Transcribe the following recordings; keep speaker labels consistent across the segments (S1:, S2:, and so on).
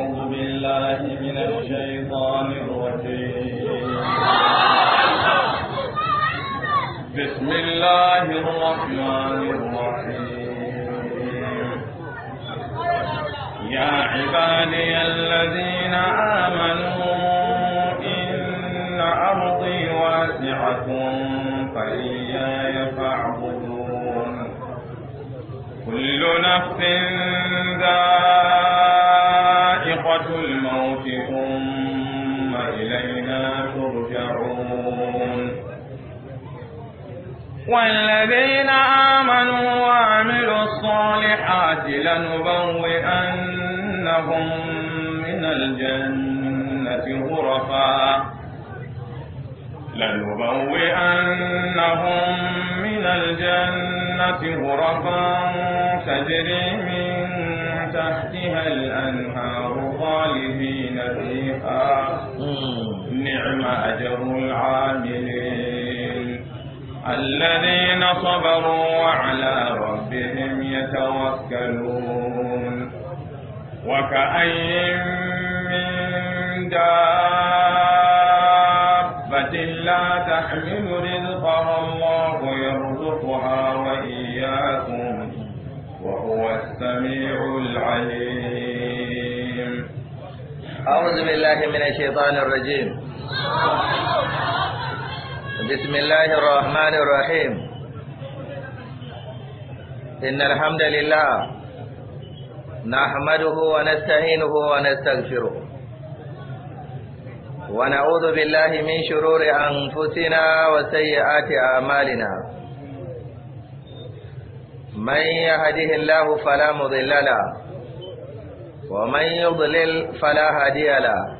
S1: أعوذ بالله من الشيطان الرجيم بسم الله
S2: الرحمن الرحيم يا عبادي الذين آمنوا
S1: إن أرضي واسعة والذين آمنوا وعملوا الصالحات لنبوئنهم من الجنة غرفا لنبوئنهم من الجنة غرفا تجري من تحتها الأنهار خالدين فيها نعم أجر العاملين الذين صبروا وعلى ربهم يتوكلون وكأي من دابة لا تحمل رزقها الله يرزقها وإياكم وهو السميع العليم أعوذ بالله من الشيطان الرجيم
S3: بسم الله الرحمن الرحيم إن الحمد لله نحمده ونستهينه ونستغفره ونعوذ بالله من شرور أنفسنا وسيئات أعمالنا من يهده الله فلا مضل له ومن يضلل فلا هادي له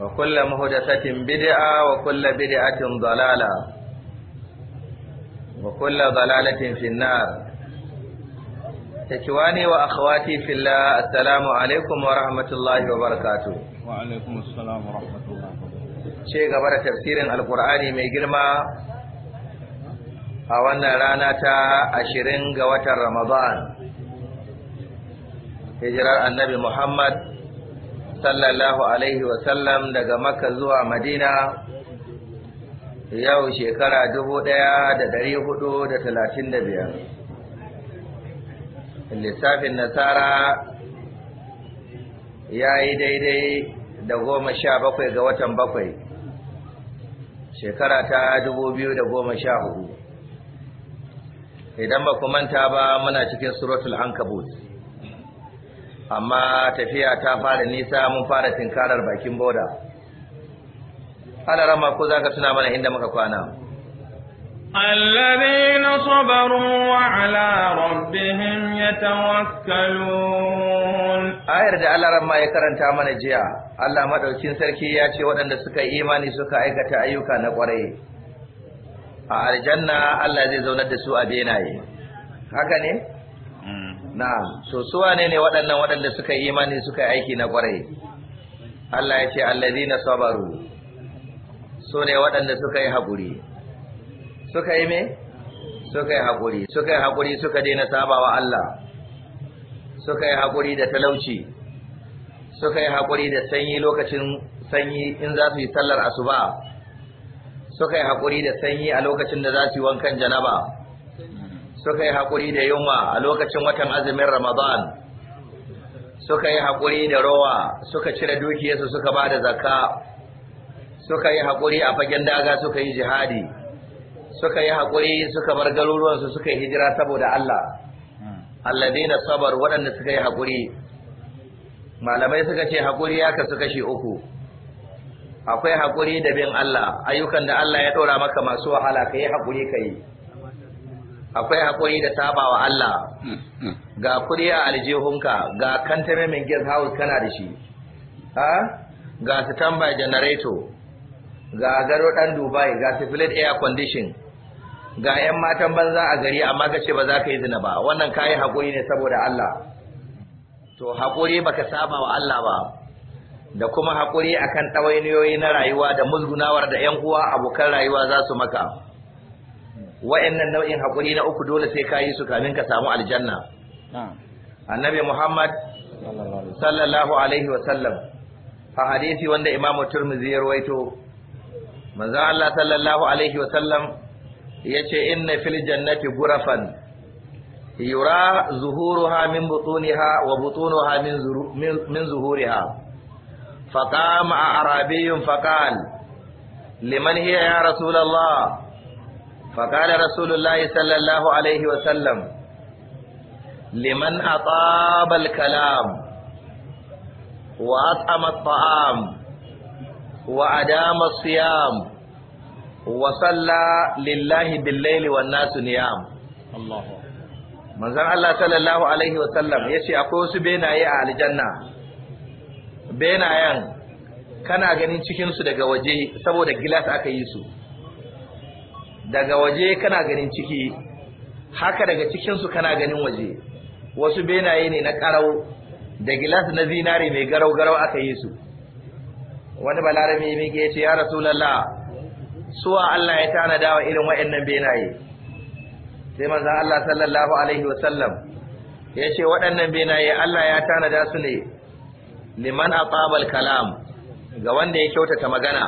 S3: وكل مهدسة بدعة وكل بدعة ضلالة وكل ضلالة في النار تكواني وأخواتي في الله السلام عليكم ورحمة الله وبركاته
S2: وعليكم السلام ورحمة الله
S3: شيء قبل تفسير القرآن ميقرما أولنا رانا تا أشرين قوة رمضان هجرة النبي محمد sallallahu alaihi wasallam daga makka zuwa madina yau shekara dubu ɗaya da dari hudu da talatin da biyar lissafin nasara ya yi daidai da goma sha bakwai ga watan bakwai shekara ta dubu biyu da goma sha hudu idan ba ku manta ba muna cikin suratul ankabut amma tafiya ta fara nisa mun fara tinkarar bakin boda ana rama ko zaka tuna mana inda muka kwana
S1: alladhina sabaru wa ala rabbihim yatawakkalun ayar da Allah ma ya karanta mana jiya Allah
S3: madaukin sarki ya ce waɗanda suka yi imani suka aikata ayyuka na kwarai a aljanna Allah zai zaunar da su a benaye haka ne na'am so su wane ne waɗannan waɗanda suka yi imani suka yi aiki na ƙwarai Allah ya ce alladhina sabaru so ne waɗanda suka yi haƙuri suka yi me suka yi haƙuri suka yi haƙuri suka daina sabawa Allah suka yi haƙuri da talauci suka yi haƙuri da sanyi lokacin sanyi in za su yi sallar asuba suka yi haƙuri da sanyi a lokacin da za su yi wankan janaba suka yi haƙuri da yunwa a lokacin watan azumin Ramadan suka yi haƙuri da rowa suka cire dukiyarsu suka ba da zaka, suka yi haƙuri a fagen daga suka yi jihadi suka yi haƙuri suka bar garuruwansu suka yi hijira saboda Allah alladina sabar waɗanda suka yi haƙuri malamai suka ce haƙuri ya kasu kashi uku akwai haƙuri da bin Allah ayyukan da Allah ya ɗora maka masu wahala ka yi haƙuri ka yi akwai hakuri da sabawa Allah hmm, hmm. ga kuriya aljihunka ga min gas house kana da shi ha ga standby generator ga garo dan Dubai ga split air condition ga yan matan banza a gari amma kace ba za ka yi zina ba wannan kai hakuri ne saboda Allah to haƙuri baka saba wa Allah ba da kuma hakuri akan ɗawainiyoyi na rayuwa da muzgunawar da 'yan uwa abokan rayuwa za su maka wa'annan nau'in hakuri na uku dole sai ka yi su kamin ka samu aljanna annabi muhammad sallallahu alaihi wa sallam a hadisi wanda imamu turmizi ya rawaito manzo Allah sallallahu alaihi wa sallam yace inna fil jannati gurafan. yura zuhuruha min butuniha wa butunuha min min zuhuriha faqama arabiyyun faqal liman hiya ya rasulullah فقال رسول الله صلى الله عليه وسلم لمن أطاب الكلام وأطعم الطعام وأدام الصيام وصلى لله بالليل والناس نيام الله manzon Allah sallallahu alaihi wasallam ya ce akwai wasu benaye a aljanna benayen kana ganin cikinsu daga waje saboda gilas aka yi su daga waje kana ganin ciki haka daga cikinsu kana ganin waje wasu benaye ne na karau da gilas na zinare mai garau-garau aka yi su wani balarami ya ke ce ya rasulallah suwa Allah ya tanada wa irin waɗannan benaye sai manzon Allah sallallahu alaihi wasallam ya ce waɗannan benaye Allah ya tanada su ne liman aqabal kalam ga wanda ya kyautata magana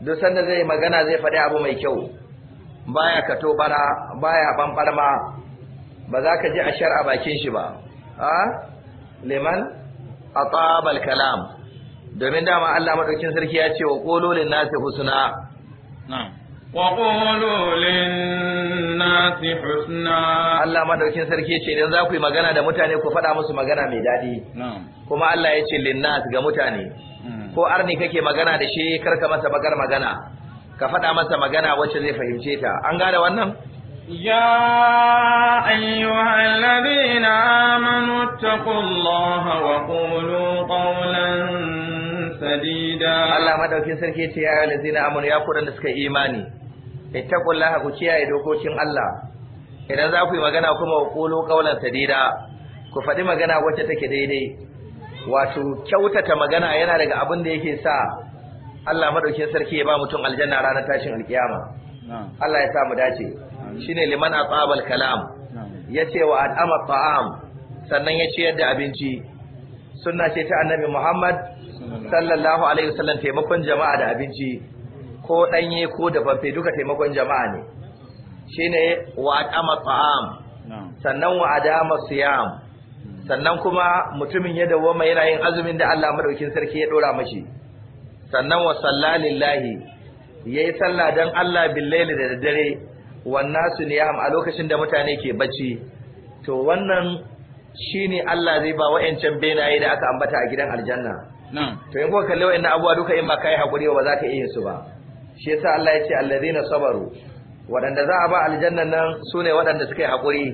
S3: duk sanda zai magana zai faɗi abu mai kyau baya kato bara baya banbarma ba za ka ji a shar'a bakin shi ba a liman atabal kalam domin dama Allah madaukin sarki ya ce wa qulu lin nasi husna wa qulu lin nasi husna Allah madaukin sarki ce idan za ku yi magana da mutane ku faɗa musu magana mai daɗi kuma Allah ya ce lin ga mutane hmm. ko arni kake magana da shi karka masa bakar magana ka faɗa masa magana wacce zai fahimce ta
S1: an gane wannan يا أيها الذين آمنوا اتقوا الله وقولوا قولا
S3: سديدا الله ما دوكين سركي يا أيها الذين آمنوا يا قرن سكا إيماني اتقوا الله كتيا دوكوشين الله idan za ku yi magana kuma wa ƙolo sadida ku faɗi magana wacce take daidai wato kyautata magana yana daga abin da yake sa Allah madaukin sarki ya ba mutum aljanna ranar tashin alkiyama Allah ya sa mu dace shine liman atabal kalam yace wa at'ama ta'am sannan ya ciyar yadda abinci sunna ce ta annabi Muhammad sallallahu alaihi wasallam taimakon jama'a da abinci ko danye ko dafaffe duka taimakon jama'a ne shine wa at'ama ta'am sannan wa adama siyam hmm. sannan kuma mutumin ya dawo mai yana yin azumin da Allah madaukin sarki ya dora mashi sannan wa lillahi yayi sallah dan Allah laili da dare wannan su ne a lokacin da mutane ke bacci to wannan shine Allah zai ba wayancan benaye da aka ambata a gidan aljanna to in kuka kalle wayannan abuwa duka in ba kai hakuri ba za ka iya su ba shi yasa Allah ya ce allazina sabaru waɗanda za a ba aljanna nan su ne waɗanda suka yi hakuri,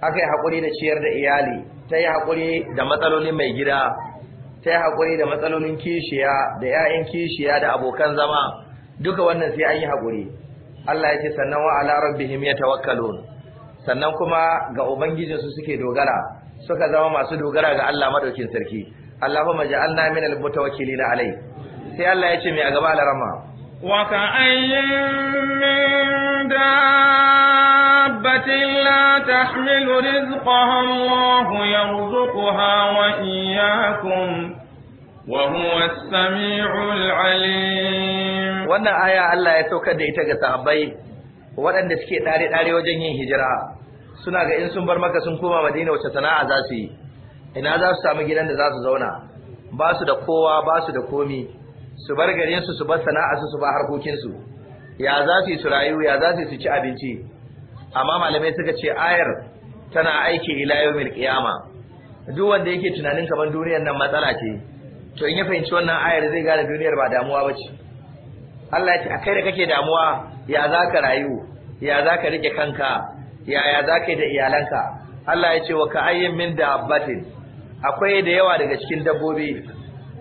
S3: aka yi hakuri da ciyar da iyali ta yi hakuri da matsaloli mai gida ta hakuri da matsalolin kishiya da 'ya'yan kishiya da abokan zama duka wannan sai an yi hakuri. Allah ya ce sannan wa ala rabbihim yatawakkalun sannan kuma ga ubangijinsu suke dogara suka zama masu dogara ga Allah madaukin sarki Allahumma ja'alna min al-mutawakkilin alai sai Allah ya ce mai a gaba larama
S1: wa ayyin min da دابة لا تحمل رزقها الله يرزقها وإياكم وهو السميع العليم wannan aya Allah ya saukar da ita ga sahabbai
S3: waɗanda suke tare tare wajen yin hijira suna ga in sun bar maka sun koma Madina wace sana'a za su yi ina za su samu gidan da za su zauna ba su da kowa ba su da komi su bar garin su su bar sana'a su su ba harkokin su ya za su yi su rayu ya za su yi su ci abinci amma malamai suka ce ayar tana aiki ila yawmil kiyama duk wanda yake tunanin kamar duniyar nan matsala ce to in ya fahimci wannan ayar zai gane duniyar ba damuwa bace Allah ya ce akai da kake damuwa ya zaka rayu ya zaka rike kanka ya ya zaka da iyalanka Allah ya ce wa ka ayyin min da dabbatin akwai da yawa daga cikin dabbobi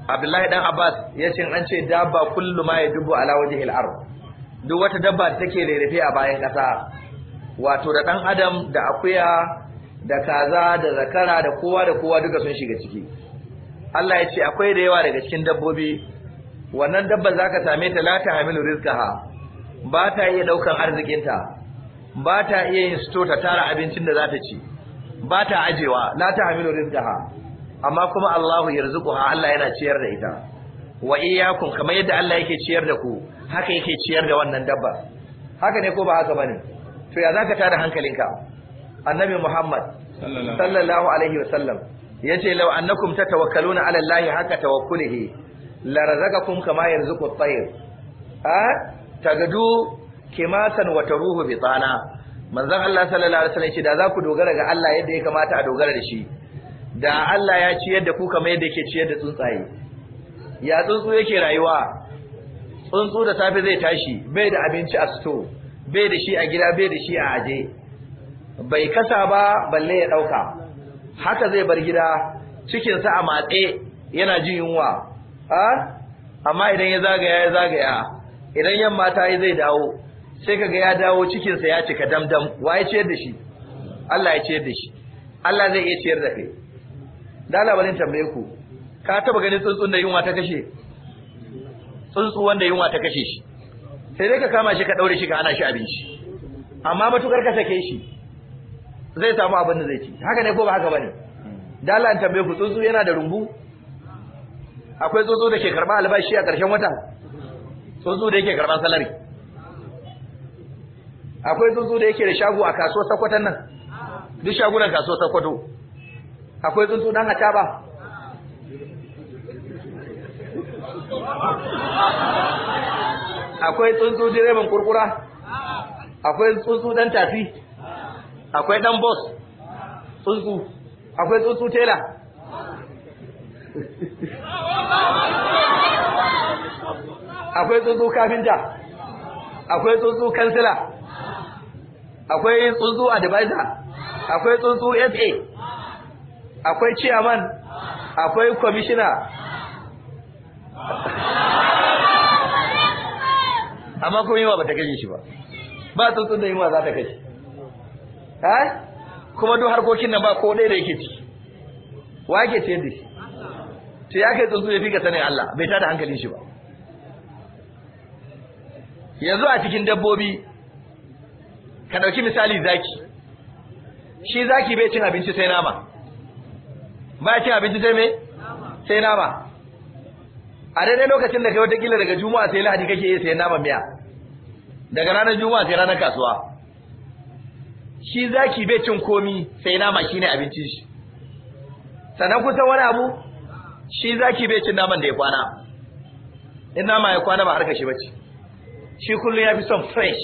S3: Abdullahi dan Abbas ya ce an ce dabba kullu ma dubu ala wajhil ard duk wata dabba da take rarrafe a bayan kasa wato da ɗan adam da akuya da kaza da zakara da kowa da kowa duka sun shiga ciki Allah ya ce akwai da yawa daga cikin dabbobi wannan dabba za ka same ta la ta hamilu rizqaha ba ta iya ɗaukan arzikinta ba ta iya yin sito ta tara abincin da za ta ci ba ta ajewa la ta hamilu rizqaha amma kuma Allahu yarzuquha Allah yana ciyar da ita wa iyyakum kamar yadda Allah yake ciyar da ku haka yake ciyar da wannan dabba haka ne ko ba haka bane to ya zaka tada hankalinka annabi muhammad sallallahu alaihi wasallam yace law annakum tatawakkaluna ala allahi haka tawakkulihi la kama yarzuqu at-tayr a tagadu kimasan wa taruhu tana manzon Allah sallallahu alaihi wasallam yace da zaku dogara ga Allah yadda ya kamata a dogara da shi da Allah ya ci yadda ku kamar yadda yake ci yadda tsuntsaye ya tsuntsu yake rayuwa tsuntsu da safe zai tashi bai da abinci a store bai da shi a gida bai da shi a aje bai kasa ba balle ya dauka haka zai bar gida cikinsa a matse yana jin yunwa amma idan ya zagaya ya zagaya idan yamma ta yi zai dawo sai kaga ya dawo cikinsa ya cika damdam wa ya ciyar da shi Allah ya ciyar da shi Allah zai iya ciyar da kai da labarin tambaye ku ka taba ganin tsuntsun da yunwa ta kashe tsuntsu wanda yunwa ta kashe shi sai dai ka kama shi ka daure shi ka ana shi abinci amma matukar ka sake shi zai samu abin da zai ci haka ne ko ba haka bane da Allah tambaye ku tsuntsu yana da rumbu akwai tsuntsu da ke karba albashi a karshen wata tsuntsu da yake karban salari akwai tsuntsu da yake da shago a kasuwar sakwatan nan duk shagunan kasuwar sakwato akwai tsuntsu dan ataba ba akwai tsuntsu direban kurkura akwai tsuntsu dan tafi akwai dan boss tsuntsu akwai tsuntsu tela akwai tsuntsu kafinta akwai tsuntsu kansila akwai tsuntsu advisor akwai tsuntsu sa akwai chairman akwai commissioner amma kuma yunwa ba ta kashe shi ba ba tsuntsun da yunwa za ta kashe ha eh? kuma duk harkokin nan ba ko ɗaya da yake ci wa yake ce da shi to ya kai tsuntsu ya fi kasa ne Allah bai tada hankalin shi ba yanzu a cikin dabbobi ka ɗauki misali zaki shi zaki bai cin abinci sai nama ba cin abinci sai me sai nama a daidai lokacin da kai wata daga juma'a sai lahadi kake iya sayan nama miya daga ranar juma'a sai ranar kasuwa shi zaki bai cin komi sai nama shine abincin shi sanan kusan wani abu shi zaki bai cin naman da ya kwana in nama ya kwana ba harka shi bace shi kullum ya fi son fresh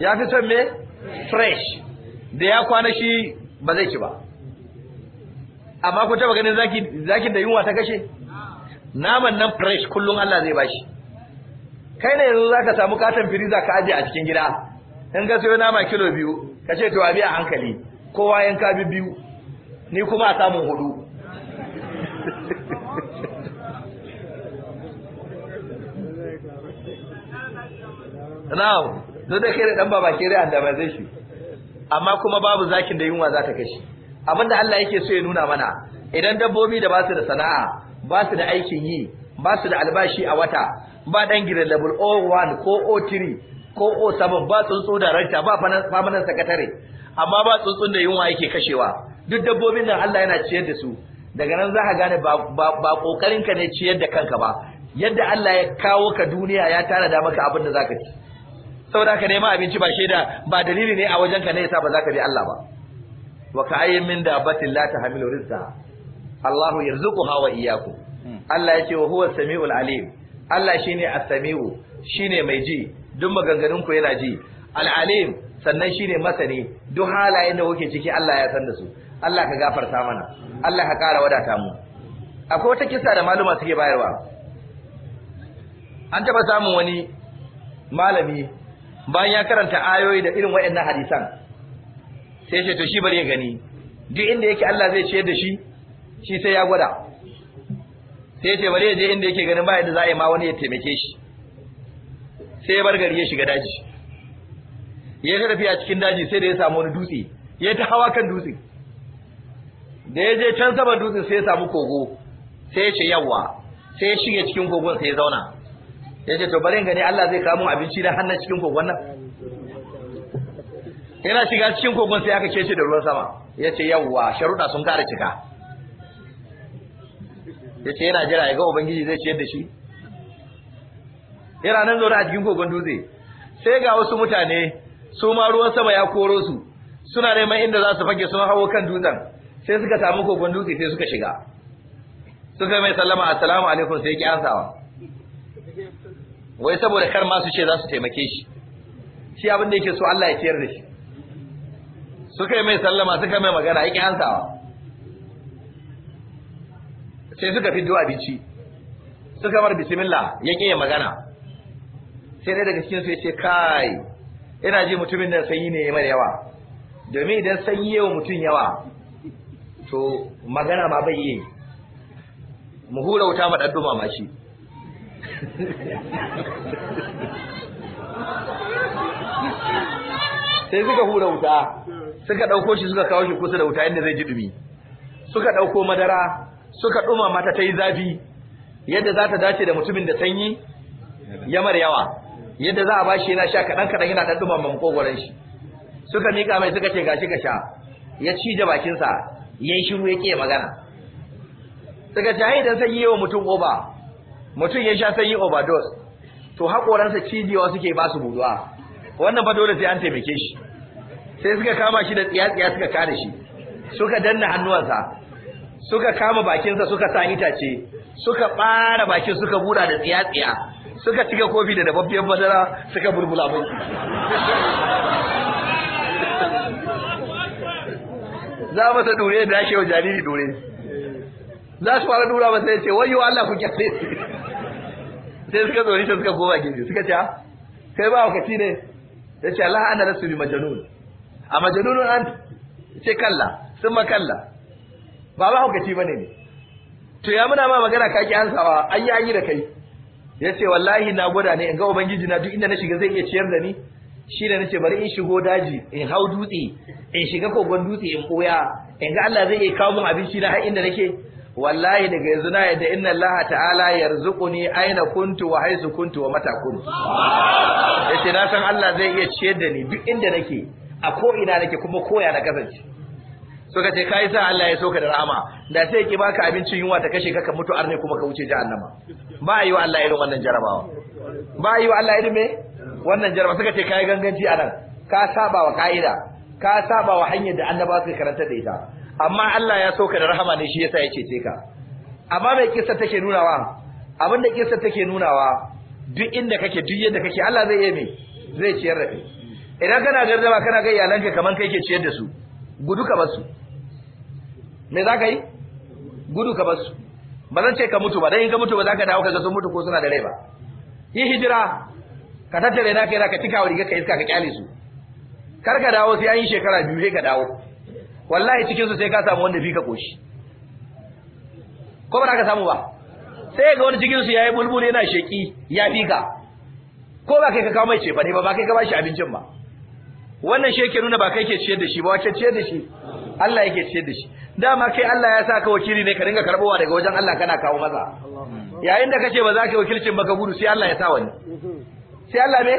S3: ya fi son me fresh da ya kwana shi ba zai ci ba amma ku taba ganin zaki zakin da yunwa ta kashe naman nan fresh kullum Allah zai bashi kai ne yanzu za ka samu katon firiza ka ajiye a cikin gida in ga sayo nama kilo biyu ka ce to a biya hankali kowa yanka bi biyu ni kuma a samun hudu Now, duk da kai dan baba kere an da zai shi amma kuma babu zakin da yunwa za ta Abin da Allah yake so ya nuna mana idan dabbobi da ba su da sana'a ba su da aikin yi ba su da albashi a wata ba dan gidan level 01 ko O 03 ko O sabon ba tsuntsu darakta ba famanan sakatare amma ba tsuntsun da yunwa yake kashewa duk dabbobin nan Allah yana ciyar da su daga nan za ka gane ba kokarin ka ne ciyar da kanka ba yadda Allah ya kawo ka duniya ya tara da maka abin da zaka ci saboda ka nema abinci ba shaida ba dalili ne a wajen ka ne yasa ba zaka bi Allah ba wa ka ayyin min dabbatin la tahmilu rizqa Allah yarzuquha wa iyyakum hmm. Allah ya ce wa huwa samiul alim Allah shine as-sami'u ne mai ji duk maganganun ku yana ji Al’alim sannan shi ne masani duk halayen da kuke ciki Allah ya san da su Allah ka gafarta mana Allah ka kara wadata mu akwai wata kisa da maluma suke bayarwa an taɓa samun wani malami bayan ya karanta ayoyi da irin waɗannan hadisan sai shi to shi bari ya gani duk inda yake Allah zai ciyar da shi shi sai ya gwada sai ce bari ya je inda yake ganin ba yadda za a yi ma wani ya taimake shi sai ya bar gari ya shiga daji ya yi tafiya cikin daji sai da ya samu wani dutse ya ta hawa kan dutse da ya je can saman dutse sai ya samu kogo sai ya ce yawa sai ya shige cikin kogon sai ya zauna ya ce to bari in gani Allah zai kawo abinci na hannun cikin kogon nan yana shiga cikin kogon sai aka kece da ruwan sama ya ce yawa sharuɗa sun kare cika ya ce yana jira ya ga ubangiji zai ciyar da shi yana nan zaune a cikin kogon dutse sai ga wasu mutane su ma ruwan sama ya koro su suna neman inda za su fage sun hawo kan dutsen sai suka samu kogon dutse sai suka shiga suka mai sallama assalamu alaikum sai ki ansawa wai saboda kar ma su ce za su taimake shi shi abin da yake so Allah ya ciyar da shi suka yi mai sallama suka mai magana yake ansawa sai suka fito abinci suka mar bismillah ya ƙi magana sai dai daga cikin su ya ce kai ina ji mutumin nan sanyi ne ya mara yawa domin idan sanyi yawa mutum yawa to magana ma bai yi mu hura wuta ma ɗan dumama sai suka hura wuta suka ɗauko shi suka kawo shi kusa da wuta inda zai ji dumi suka ɗauko madara suka mata ta yi zafi yadda za ta dace da mutumin da sanyi yamar yawa yadda za a ba shi yana sha kaɗan-kaɗan, yana dan dumama makogoran shi suka mika mai suka ce gashi ka sha ya ci da bakinsa ya yi shiru yake magana suka ce ai dan sanyi yawa mutum oba mutum ya sha sanyi overdose to haƙoransa cijiyawa suke ba su buduwa wannan fa dole sai an taimake shi sai suka kama shi da tsiya-tsiya suka kare shi suka danna hannuwansa suka kama bakinsa suka sa itace suka fara bakin suka bura da tsiya-tsiya suka cika kofi da dababbiyar madara suka bulbula mai za masa dure da shi jariri dure za su fara dura masa ya ce wayo Allah ku kyale sai suka zo rishin suka goba gidi suka ce ah, kai ba ka ci ne ya ce Allah ana rasu majnun majanun a majnunun an ce kalla sun makalla ba ba mahaukaci bane ne to ya muna ma magana ka ki ansawa an yi an yi da kai yace wallahi na gwada ne in ga ubangiji na duk inda na shiga zai iya ciyar da ni shi da nace bari in shigo daji in hau dutse in shiga kogon dutse in koya in ga Allah zai iya kawo min abinci na har inda nake wallahi daga yanzu na yadda inna Allah ta'ala yarzuquni aina kuntu wa haisu kuntu wa mata kuntu yace na san Allah zai iya ciyar da ni duk inda nake a ko ina nake kuma koya na kasance suka ce kai sa Allah ya soka da rahama da sai ki baka abincin yunwa ta kashe ka ka mutu arne kuma ka wuce jahannama ba yi wa Allah irin wannan jarabawa ba yi wa Allah irin me wannan jarabawa suka ce kai ganganci a nan. ka saba wa ka'ida ka saba wa hanyar da annabawa suka karanta da ita amma Allah ya soka da rahama ne shi yasa ya ce ka amma mai kissa take nunawa abinda kissa take nunawa duk inda kake duk yadda kake Allah zai yi me zai ciyar da kai idan kana gardama kana ga iyalanka kaman kai ke ciyar da su gudu ka basu me za ka yi gudu ka basu ba zan ce ka mutu ba dan in ka mutu ba za ka dawo ka ga sun mutu ko suna da rai ba yi hijira ka tattare na yana ka tika wa riga ka iska ka kyale su kar ka dawo sai an yi shekara biyu sai ka dawo wallahi cikin su sai ka samu wanda fi ka koshi ko ba za ka samu ba sai ga wani cikin su yayi bulbul yana sheki ya fi ka ko ba kai ka kawo mai ce ba ne ba ba kai ka shi abincin ba wannan shi yake nuna ba kai ke ciyar da shi ba wace ciyar da shi Allah yake ciyar da shi dama kai Allah ya sa ka wakili ne ka dinga karbowa daga wajen Allah kana kawo maza yayin da kace ba za ka wakilcin ba ka gudu sai Allah ya sa wani sai Allah ne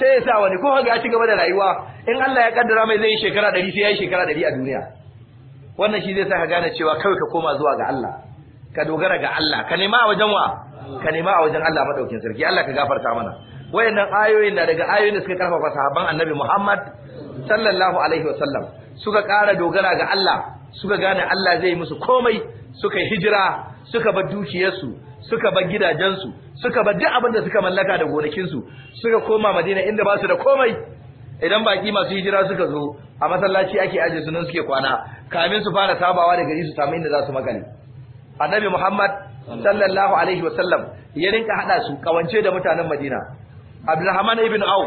S3: sai ya sa wani ko ga ci gaba da rayuwa in Allah ya kaddara mai zai yi shekara 100 sai ya yi shekara 100 a duniya wannan shi zai sa ka gane cewa kawai ka koma zuwa ga Allah ka dogara ga Allah ka nema a wajen wa ka nema a wajen Allah madaukin sarki Allah ka gafarta mana wayannan ayoyin na daga ayoyin da suka karfafa sahabban annabi Muhammad sallallahu alaihi wasallam suka ƙara dogara ga Allah suka gane Allah zai musu komai suka hijira suka bar dukiyarsu suka bar gidajensu suka bar duk abin da suka mallaka da gonakin su suka koma Madina inda ba su da komai idan baki masu hijira suka zo a masallaci ake aje sunan suke kwana kamin su fara sabawa da gari su samu inda za su makale annabi Muhammad sallallahu alaihi wasallam ya rinka hada su kawance da mutanen Madina Abdulrahman ibn Aw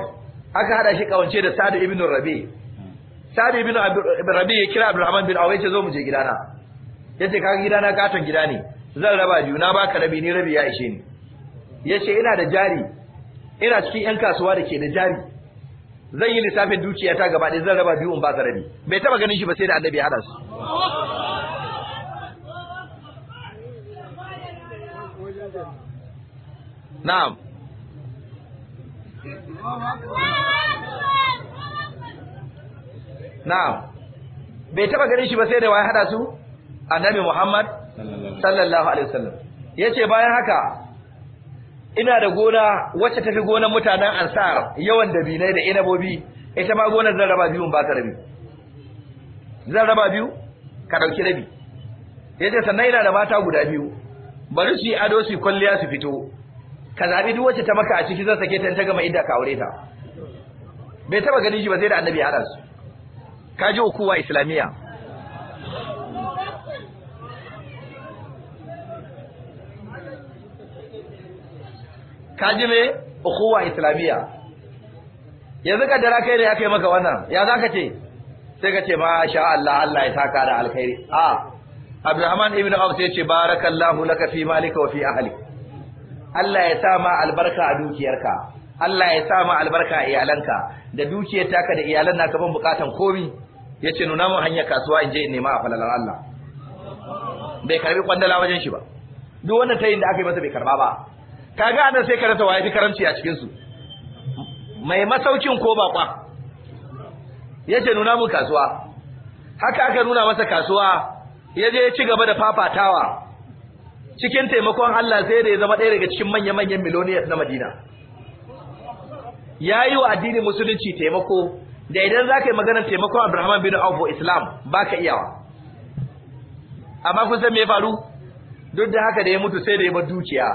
S3: aka hada shi kawance da Sa'd ibn Rabi Sa'd ibn Rabi ya kira Abdulrahman bin Aw yace zo mu je gidana yace ka gidana katon gida ne zan raba biyu na baka rabi ni rabi ya ishe ni yace ina da jari ina cikin yan kasuwa da ke da jari zan yi lissafin dukiya ta gaba ɗaya zan raba biyu in ba ka rabi bai taba ganin shi ba sai da annabi ya hada su na'am na'am bai taba ganin shi ba sai da waye hada su annabi Muhammad sallallahu alaihi wasallam yace bayan haka ina da gona wacce tafi gonar mutanen Ansar yawan dabinai da inabobi ita ma gonar zan raba biyun baka rabi zan raba biyu ka dauki rabi yace sannan ina da mata guda biyu bari su yi ado su kwalliya su fito ka zabi duk wacce ta maka a ciki zan sake ta ta gama idda ka aure ta bai taba gani shi ba sai da annabi ya hada su ka ji hukuma islamiyya ka ji me hukuma islamiya yanzu ka dara kai ne aka yi maka wannan ya za ka ce sai ka ce ma sha Allah Allah ya taka da alkhairi a Abdurrahman ibn Auf sai ce barakallahu laka fi malika wa fi ahlik Allah ya sa ma albarka a dukiyarka Allah ya sa ma albarka a iyalanka da dukiyar taka da iyalan naka ban bukatan komi yace nuna mun hanyar kasuwa in je in nema a falalar Allah bai karbi kwandala wajen shi ba duk wannan tayin da aka yi masa bai karba ba kaga anan sai karanta waye fi karamci a cikin su mai masaukin ko bakwa yace nuna mun kasuwa haka aka nuna masa kasuwa yaje ya ci gaba da fafatawa cikin taimakon Allah sai da ya zama ɗaya daga cikin manya-manyan millionaires na Madina ya yi wa addinin musulunci taimako da idan za ka yi maganar taimakon Abraham bin Auf Islam ba ka iyawa amma kun san me ya faru duk da haka da ya mutu sai da ya bar dukiya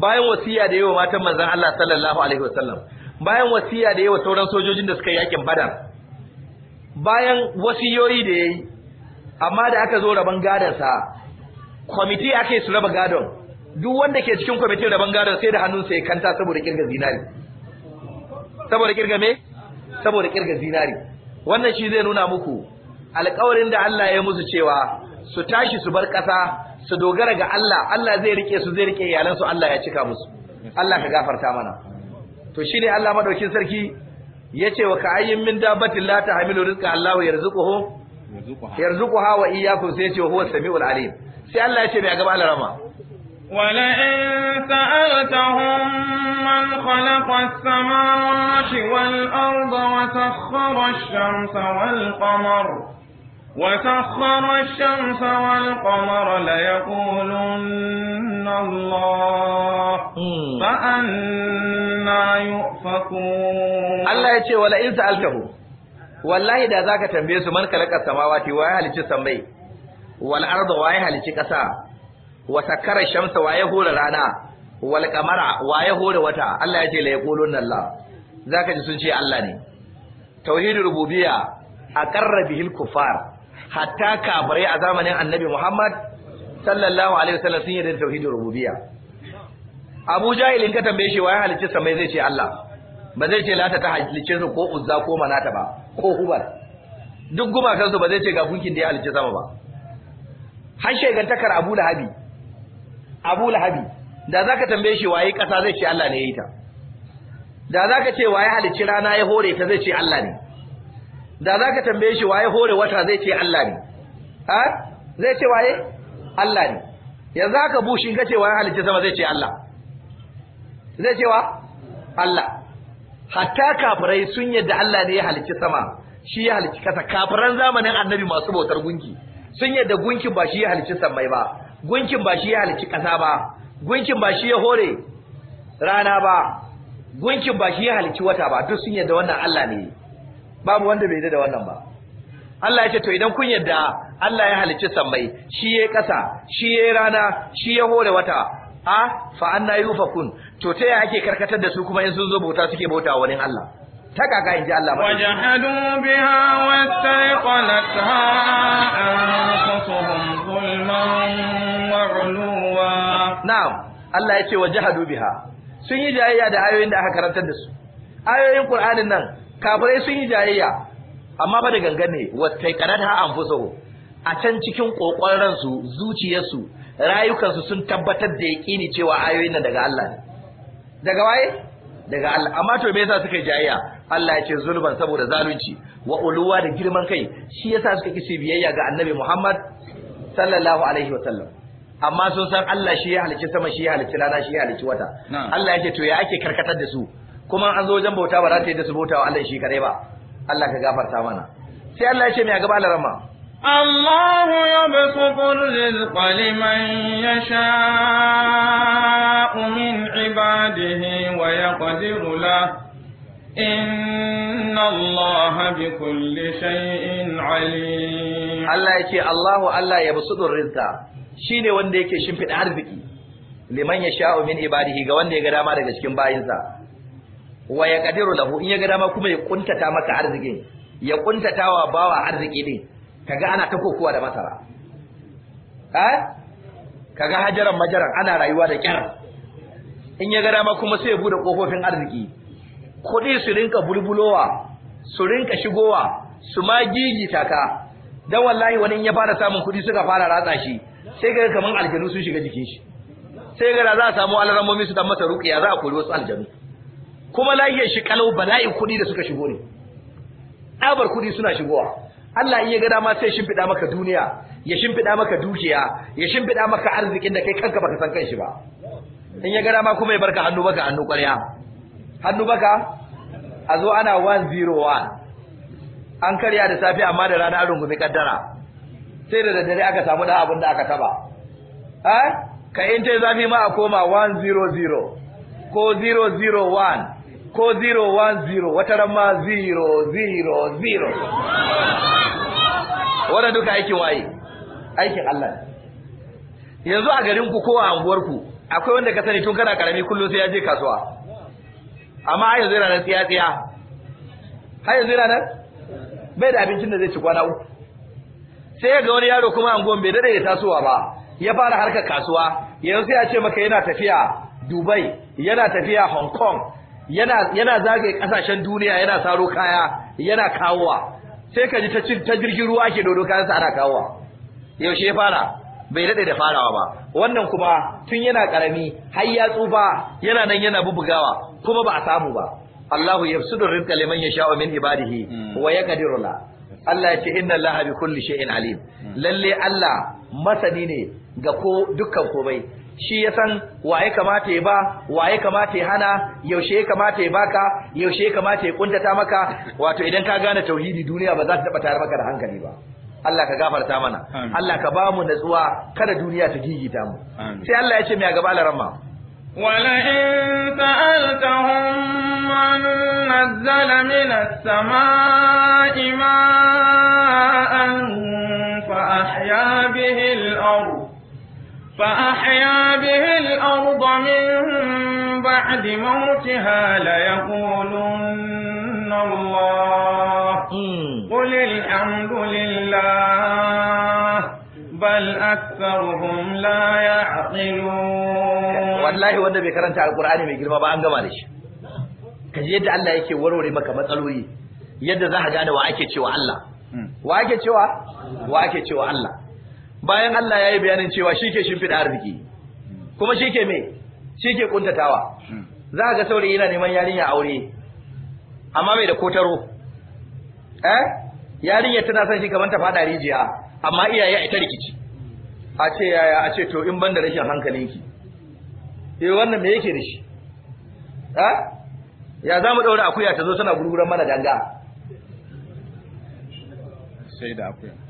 S3: bayan wasiya da ya wa matan manzon Allah sallallahu alaihi wasallam bayan wasiya da ya wa sauran sojojin da suka yi yakin Badar bayan wasiyoyi da ya yi amma da aka zo rabon gadansa kwamiti ake su raba gadon duk wanda ke cikin kwamitin raban gadon sai da hannunsa ya kanta saboda kirga zinari saboda kirga me saboda kirga zinari wannan shi zai nuna muku alƙawarin da Allah ya musu cewa su tashi su bar ƙasa su dogara ga Allah Allah zai rike su zai rike su Allah ya cika musu Allah ka gafarta mana to shine Allah madaukin sarki yace wa ka ayyin min dabatin la tahmilu rizqa Allah yarzuquhu يرزقها wa iyyakum sai ce huwa samiul alim sai Allah ya ce mai
S1: ولئن سألتهم من خلق السماوات والأرض وسخر الشمس والقمر وسخر الشمس والقمر ليقولن الله فأنا يؤفكون الله يقول
S3: ولئن سألتهم wallahi da zaka tambaye su man khalaqa samawati wa ya halici sammai wal arda wa ya halici kasa wa sakkara shamsa wa ya hura rana wal qamara wa ya hura wata Allah ya ce la yaquluna Allah zaka ji sun ce Allah ne tauhidur rububiyya aqarra bihil kufar hatta kafirai a zamanin annabi Muhammad sallallahu alaihi wasallam sun yarda tauhidur rububiyya Abu Jahil in ka tambaye shi wa ya halicci samai zai ce Allah ba zai ce lata ta halicci su ko uzza ko manata ba ko hubar duk gumakansu ba zai ce ga gunkin da ya halicci sama ba har shegantakar abu lahabi abu lahabi da za ka tambaye shi waye ƙasa zai ce Allah ne ya yi ta da za ka ce waye halicci rana ya hore ta zai ce Allah ne da za ka tambaye shi waye hore wata zai ce Allah ne ha zai ce waye Allah ne yanzu haka bushin ka ce waye halicci sama zai ce Allah zai ce wa Allah hatta kafirai sun yadda Allah ne ya halicci sama shi ya halicci kasa kafiran zamanin annabi masu bautar gunki sun yadda gunkin ba shi ya halicci sammai ba gunkin ba shi ya halicci kasa ba gunkin ba shi ya hore rana ba gunkin ba shi ya halicci wata ba duk sun yadda wannan Allah ne babu wanda bai yadda da wannan ba Allah ya ce to idan kun yadda Allah ya halicci sammai shi ya kasa shi ya rana shi ya hore wata a fa anna yufakun to ta yaya ake karkatar da su kuma in sun zo bauta suke bauta wani Allah ta kaka in ji Allah ba wajahadu
S1: biha wastaqalatha anfusuhum zulman wa ulwa na'am Allah yace wajahadu biha
S3: sun yi jayayya da ayoyin da aka karantar da su ayoyin Qur'anin nan kafirai sun yi jayayya amma ba da gangan ne wastaqalatha anfusuhum a can cikin kokon ransu zuciyarsu rayukansu sun tabbatar da yaƙini cewa ayoyin nan daga Allah ne daga waye daga Allah amma to me yasa suka yi jayayya Allah ya ce zulman saboda zalunci wa uluwa da girman kai shi yasa suka kici biyayya ga Annabi Muhammad sallallahu alaihi wa sallam amma sun san Allah shi ya halicci sama shi ya halicci rana shi ya halicci wata Allah ya ce to ya ake karkatar da su kuma an zo wajen bauta ba za ta yi da su bauta wa Allah shi kare ba Allah ka gafarta mana
S1: sai Allah ya ce me ya gaba alarama الله يبسط الرزق لمن يشاء من عباده ويقدر له إن الله بكل شيء عليم
S3: الله يكي الله الله يبسط الرزق shine wanda yake shimfida arziki liman yasha'u min ibadihi ga wanda ya ga dama daga cikin bayinsa wa yaqdiru lahu in ya ga dama kuma ya kuntata maka arzikin ya wa bawa arziki ne? kaga ana ta kokowa da masara eh kaga hajaran majaran ana rayuwa da kyar in ya ga dama kuma sai ya bude kofofin arziki kuɗi su rinka bulbulowa su rinka shigowa su ma gigita ka dan wallahi wani in ya fara samun kuɗi suka fara ratsa shi sai ga kaman aljanu sun shiga jikin shi sai ga za a samu alramomi su dan masa ruqiya za a kori wasu aljanu kuma lahiyar shi kalau bala'in kuɗi da suka shigo ne abar kuɗi suna shigowa Allah iya ga dama sai shimfida maka duniya ya shimfida maka dukiya ya shimfida maka arzikin da kai kanka baka san kanshi ba in ya ga dama kuma ya barka hannu baka hannu ƙarya hannu baka a zo ana 101 an karya da safi amma da rana an rungumi kaddara sai da daddare aka samu da abin da aka taba eh ka in tai zafi ma a koma 100 ko 001 ko 010 wata zero, zero, 000 wannan duka aikin waye aikin Allah yanzu a garinku ko a unguwarku, akwai wanda ka sani tun kana karami kullum sai ya je kasuwa amma har yanzu yana nan tsiya tsiya har yanzu yana nan bai da abincin da zai ci kwana uku sai ga wani yaro kuma anguwan bai dade ya tasowa ba ya fara harkar kasuwa yanzu sai ya ce maka yana tafiya Dubai yana tafiya Hong Kong yana yana zagaye kasashen duniya yana saro kaya yana kawowa sai ka ji ta ta jirgin ruwa ke dodo kayan sa ana kawowa yaushe ya fara bai dade da farawa ba wannan kuma tun yana karami har ya tsufa yana nan yana bubugawa kuma ba a samu ba Allahu yafsudu rizqa liman yasha'u min ibadihi wa yaqdiru la Allah ya ce inna Allaha bi kulli shay'in alim hmm. lalle Allah masani ne ga ko dukkan komai shi ya san waye kamata ya ba waye kamata ya hana yaushe ya kamata ya baka yaushe ya kamata ya kuntata maka wato idan ka gane tauhidi duniya ba za ta taba tare maka da hankali ba Allah ka gafarta mana Allah ka ba mu natsuwa kada duniya ta gigita mu sai Allah ya ce mai gaba larama
S1: ولئن سألتهم من sama'i ma'an fa ahya bihi al-ardh فأحيا به الأرض من بعد موتها ليقولن الله قل الحمد لله بل أكثرهم لا يعقلون والله wanda bai karanta alqur'ani mai
S3: girma ba an gama da shi kaje yadda Allah yake warware maka matsaloli yadda za ka gane wa ake cewa Allah wa ake wa ake Allah bayan Allah ya yi bayanin cewa shi ke shimfiɗa arziki kuma shi ke me shi ke ƙuntatawa hmm. za ka ga saurayi yana neman yarinya aure amma mai da kotaro eh yarinya tana son shi kamar ta faɗa rijiya amma iyaye ita rikici a ce yaya a ce to in ban da rashin ki. eh wannan me yake da shi eh ya za mu ɗaura akuya ta zo tana gurguran mana ganga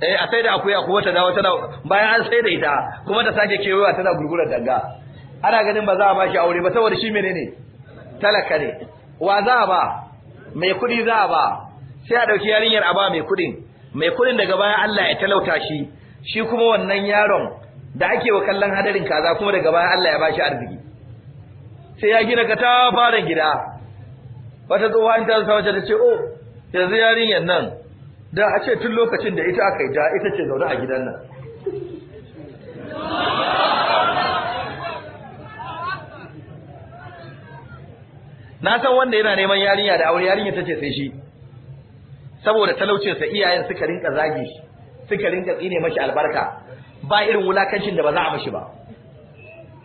S3: eh a sai da akuya kuma ta dawo tana bayan an sai da ita kuma ta sake kewa tana gurgurar danga ana ganin ba za a bashi aure ba saboda shi menene talaka ne wa za a ba mai kudi za a ba sai a dauki yarinyar a ba mai kudin mai kudin daga baya Allah ya talauta shi shi kuma wannan yaron da ake wa kallon hadarin kaza kuma daga baya Allah ya bashi arziki sai ya gina ka ta fara gida wata tsohon ta sa wacce ta ce oh yanzu yarinyar nan da a ce tun lokacin da ita aka yi da ita ce zaune a gidan nan na san wanda yana neman yarinya da aure yarinya ta ce sai shi saboda talaucin sa iyayen suka rinka zagi suka rinka tsine mashi albarka ba irin wulakancin da ba za a mashi ba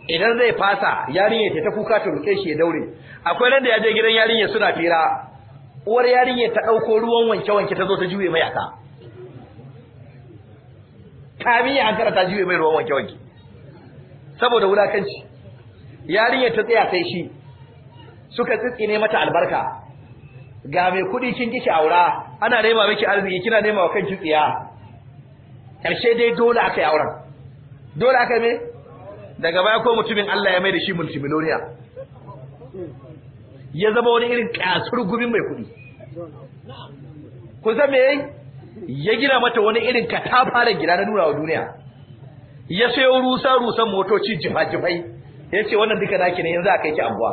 S3: idan zai fasa yarinya ta kuka ta rike shi ya daure akwai ran da ya je gidan yarinya suna fira uwar yarinyar ta ɗauko ruwan wanke-wanke ta zo ta juye mai aka kami ya hankara ta juye mai ruwan wanke-wanke saboda wulakanci yarinyar ta tsaya ta shi suka tsitsine mata albarka ga mai kuɗi kin kike aura ana nema miki arziki kina nema wa kanki tsiya karshe dai dole aka yi auren dole aka me daga baya ko mutumin Allah ya mai da shi multimillionaire ya zama wani irin kasur gubin mai kuɗi ku zame yayi ya gina mata wani irin katafaren gida na nuna wa duniya ya sayo rusa rusan motoci jifa-jifai ya ce wannan duka naki ne yanzu a kai ki abuwa.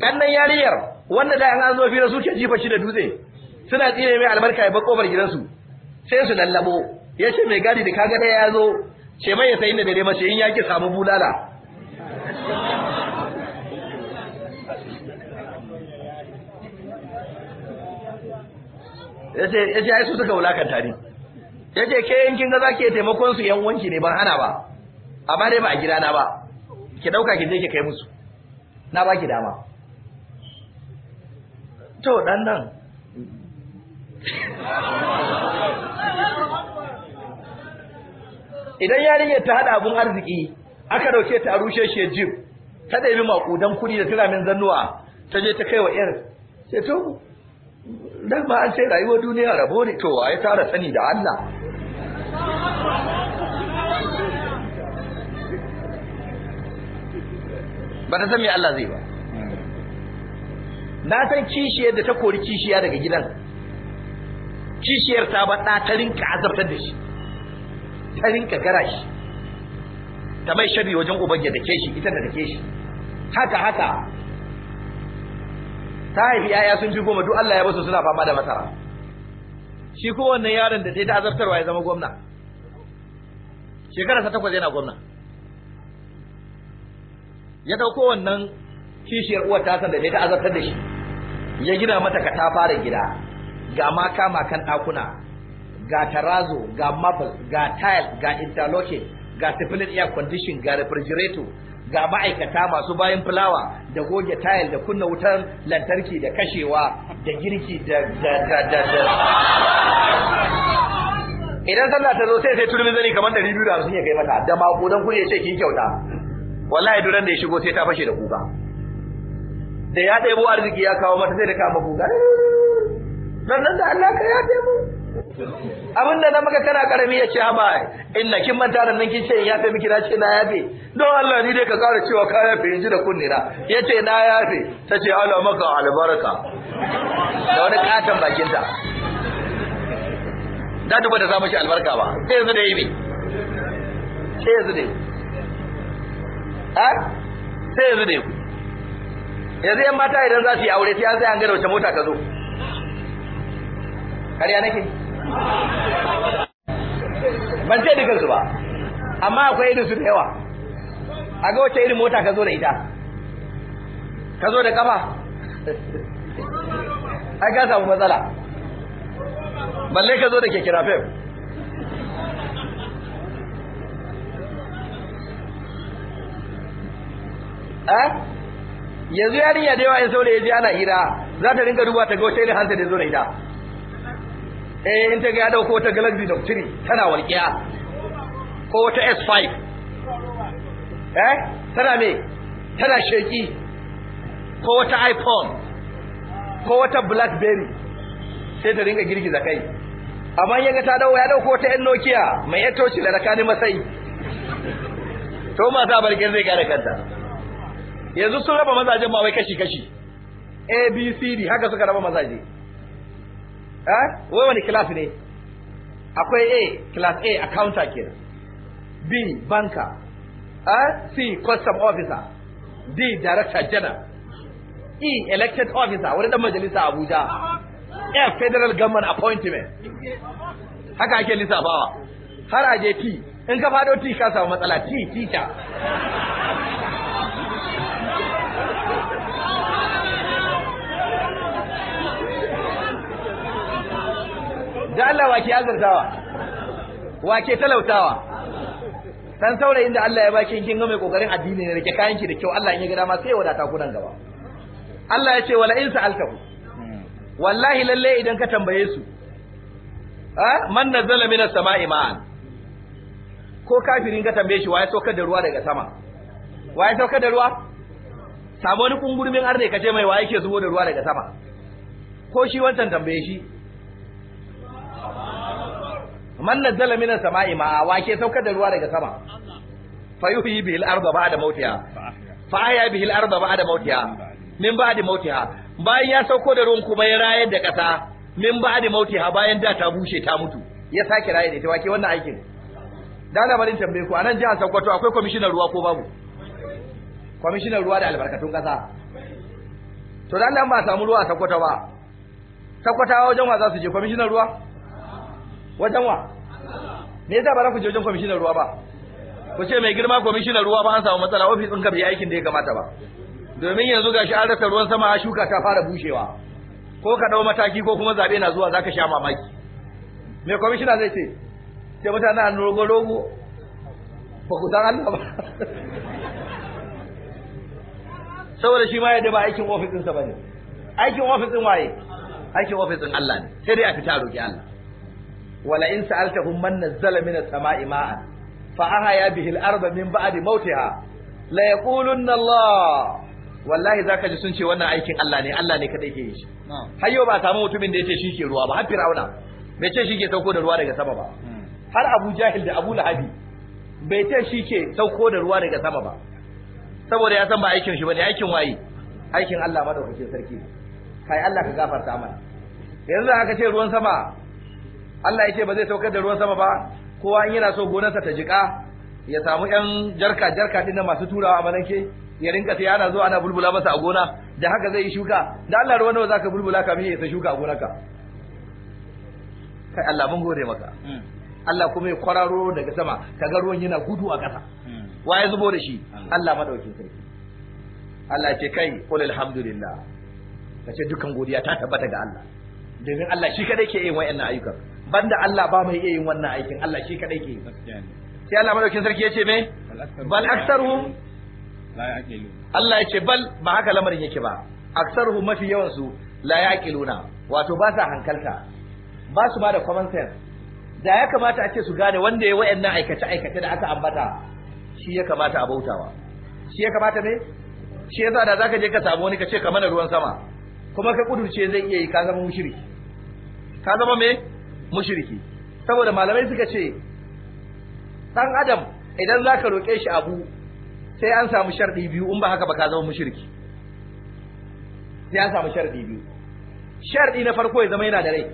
S3: kannan yariyar wanda da an zo fira suke jifa shi da dutse suna tsire mai albarka ya bakobar gidansu sai su lallabo ya ce mai gadi da kaga da ya zo ce mai ya sayi da dare mace in yaki samu bulala ya ce ai su suka wulakanta ne ya ce ke yankin ga za ki taimakon su yan wanki ne ban hana ba amma dai ba a gida na ba ki ɗauka ki je ki kai musu na ba ki dama to ɗan nan idan yarinyar ta haɗa abun arziki aka dauke ta rushe shi jib ta ɗabi maƙudan kuɗi da turamin zannuwa ta je ta kai wa 'yar sai to nan ma an ce rayuwar duniya rabo ne to ya tara sani da Allah ba ta san me Allah zai ba na san kishiyar da ta kori kishiya daga gidan kishiyar ta ba ta rinka azabtar da shi ta rinka gara ta mai shabi wajen ubangiji da ke shi ita da ke shi haka haka ta haifi yaya sun fi goma duk Allah ya basu suna fama da masara shi ko wannan yaron da ta azabtarwa ya zama gwamna shekara ta takwas yana gwamna ya ɗauko wannan kishiyar uwar san da sai ta azabtar da shi ya gina mata fara gida ga ma kama kan ɗakuna ga tarazo ga marble ga tile ga interlocking ga sifilin air condition ga refrigerator ga ma'aikata masu bayan fulawa da goge tayil da kunna wutar lantarki da kashewa da girki da da da da idan sallah ta zo sai sai turmi zani kamar da hamsin ya kai mata da makudan kuɗi ya ce kin kyauta wallahi duran da ya shigo sai ta fashe da kuka da ya ɗebo arziki ya kawo mata sai da kama kuka sannan da Allah ka ya mu abinda na maka kana karami ya ce haba inna kin manta da nan kin ce ya fi miki na ce na yafe don Allah ni dai ka kara cewa ka yafe in ji da kunnira. ya ce na yafe ta ce Allah maka albarka da wani katon bakinta da duba da za mu shi albarka ba sai yanzu da yi ne sai yanzu da yi sai yanzu da yi yanzu yan mata idan za su yi aure sai an sai an gada wace mota ka zo ƙarya nake
S2: ban ce dukansu ba
S3: amma akwai irin su da yawa a ga wacce irin mota ka zo da ita ka zo da kafa ai ka samu matsala balle ka zo da ke kira fem eh yanzu yarinya da yawa ya saurayi ji ana hira za ta rinka duba ta ga wace irin hanta da zo da ita eh in ta ga ya dauko wata Galaxy Note 3 tana walƙiya ko wata S5 eh tana me tana sheki ko wata iPhone ko wata BlackBerry sai ta ringa girgiza kai amma yaga ta dawo ya dauko ta Nokia mai yato shi da rakani masai to ma mata barkin zai kare kanta yanzu sun raba mazajen ma wai kashi kashi A, B, C, D, haka suka raba mazaje eh wai wani class ne akwai A class A accountant kenan B banker eh C custom officer D director general E elected officer wani dan majalisa Abuja F federal government appointment
S2: haka ake lissafawa
S3: har a je T in ka fado T ka samu matsala T teacher wake azurtawa wake talautawa san saurayin da Allah ya baki kin ga mai kokarin addini ne rike kayan ki da kyau Allah in ya ga dama sai ya wadata ku nan gaba Allah ya ce wala in
S2: sa'altahu
S3: wallahi lalle idan ka tambaye su ah man nazala minas sama'i ma'an ko kafirin ka tambaye shi waye saukar da ruwa daga sama waye saukar da ruwa samu wani kungurmin arne ka ce mai waye ke zubo da ruwa daga sama ko shi wancan tambaye shi man nazzala minas sama'i ma'a wa ke saukar da ruwa daga sama fa yuhyi bihi al-ardha ba'da mautiha fa ahya bihi al-ardha ba'da mautiha min ba'di mautiha bayan ya sauko da ruwan kuma ya rayar da kasa min ba'di mautiha bayan da ta bushe ta mutu ya sake rayar da ita wake wannan aikin da na barin tambaye ku anan jihar Sokoto akwai kwamishinan ruwa ko babu kwamishinan ruwa da albarkatun kasa to dan nan ba samu ruwa a Sokoto ba Sokotawa wajen wa za su je kwamishinan ruwa wajen wa ne yasa ba za ku je wajen kwamishinan ruwa ba ku ce mai girma kwamishinan ruwa ba an samu matsala ofis ɗinka bai aikin da ya kamata ba domin yanzu gashi an rasa ruwan sama a shuka ta fara bushewa ko ka ɗau mataki ko kuma zaɓe na zuwa za ka sha mamaki mai kwamishina zai ce ce mutane an rogo rogo ba ku san Allah ba
S2: saboda shi ma yadda ba aikin
S3: ofis ɗinsa ba ne aikin ofis ɗin waye aikin ofis ɗin Allah ne sai dai a fita a roƙi Allah wala in sa'altahum man nazzala min as-sama'i ma'an fa ahaya bihi al-arba min ba'di mautiha la yaqulunna Allah wallahi zaka ji sun ce wannan aikin Allah ne Allah ne kadai ke yi shi har yau ba a samu mutumin da yace shi ke ruwa ba har Fir'auna bai ce shi ke sauko da ruwa daga sama ba hmm. har Abu Jahil da Abu Lahabi bai ce shi ke sauko da ruwa daga sama ba saboda ya san ba aikin shi bane aikin waye aikin Allah madaukakin sarki kai Allah ka gafarta mana yanzu haka ce ruwan sama Allah ya ce ba zai saukar da ruwan sama ba kowa in yana so gonarsa ta jika ya samu yan jarka jarka din masu turawa a malanke ya rinka sai ana zuwa ana bulbula masa a gona da haka zai yi shuka da Allah ruwan nawa zaka bulbula ka ya isa shuka a gonarka kai Allah mun gode maka hmm. Allah kuma ya kwararo daga sama kaga ruwan yana gudu a ƙasa hmm. Waye zubo da shi Allah madaukin sarki Allah ce kai qul alhamdulillah kace dukan godiya ta tabbata ga Allah domin Allah shi kadai ke yin wayannan ayyukan banda Allah ba mai iya yin wannan aikin Allah shi kadai ke yi sai Allah madaukin sarki ya ce me bal aktsaruhum la yaqilu Allah ya ce bal ba haka lamarin yake ba aktsaruhum mafi yawan su la yaqiluna wato ba sa hankalta ba su ba da common sense da ya kamata a ce su gane wanda ya wayannan aikace aikace da aka ambata shi ya kamata a bautawa shi ya kamata ne shi yasa da zaka je ka samu wani ka ce ka mana ruwan sama kuma ka kudurce zai iya yi ka zama mushiri ka zama me mushriki saboda malamai suka ce dan adam idan zaka roke shi abu sai an samu sharɗi biyu in ba haka ba ka zama mushriki sai an samu sharɗi biyu sharɗi na farko ya zama yana da rai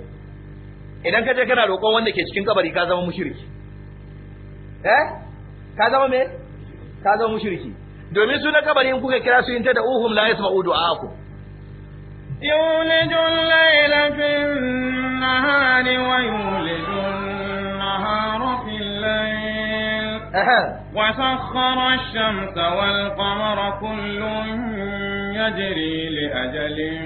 S3: idan ka je kana roƙon wanda ke cikin kabari ka zama mushriki eh ka zama me ka zama mushriki domin su na kabari in kuka kira su yin ta da uhum la yasma'u
S1: du'a'akum يولج الليل في النهار ويولج النهار في الليل وسخر الشمس والقمر كل يجري لأجل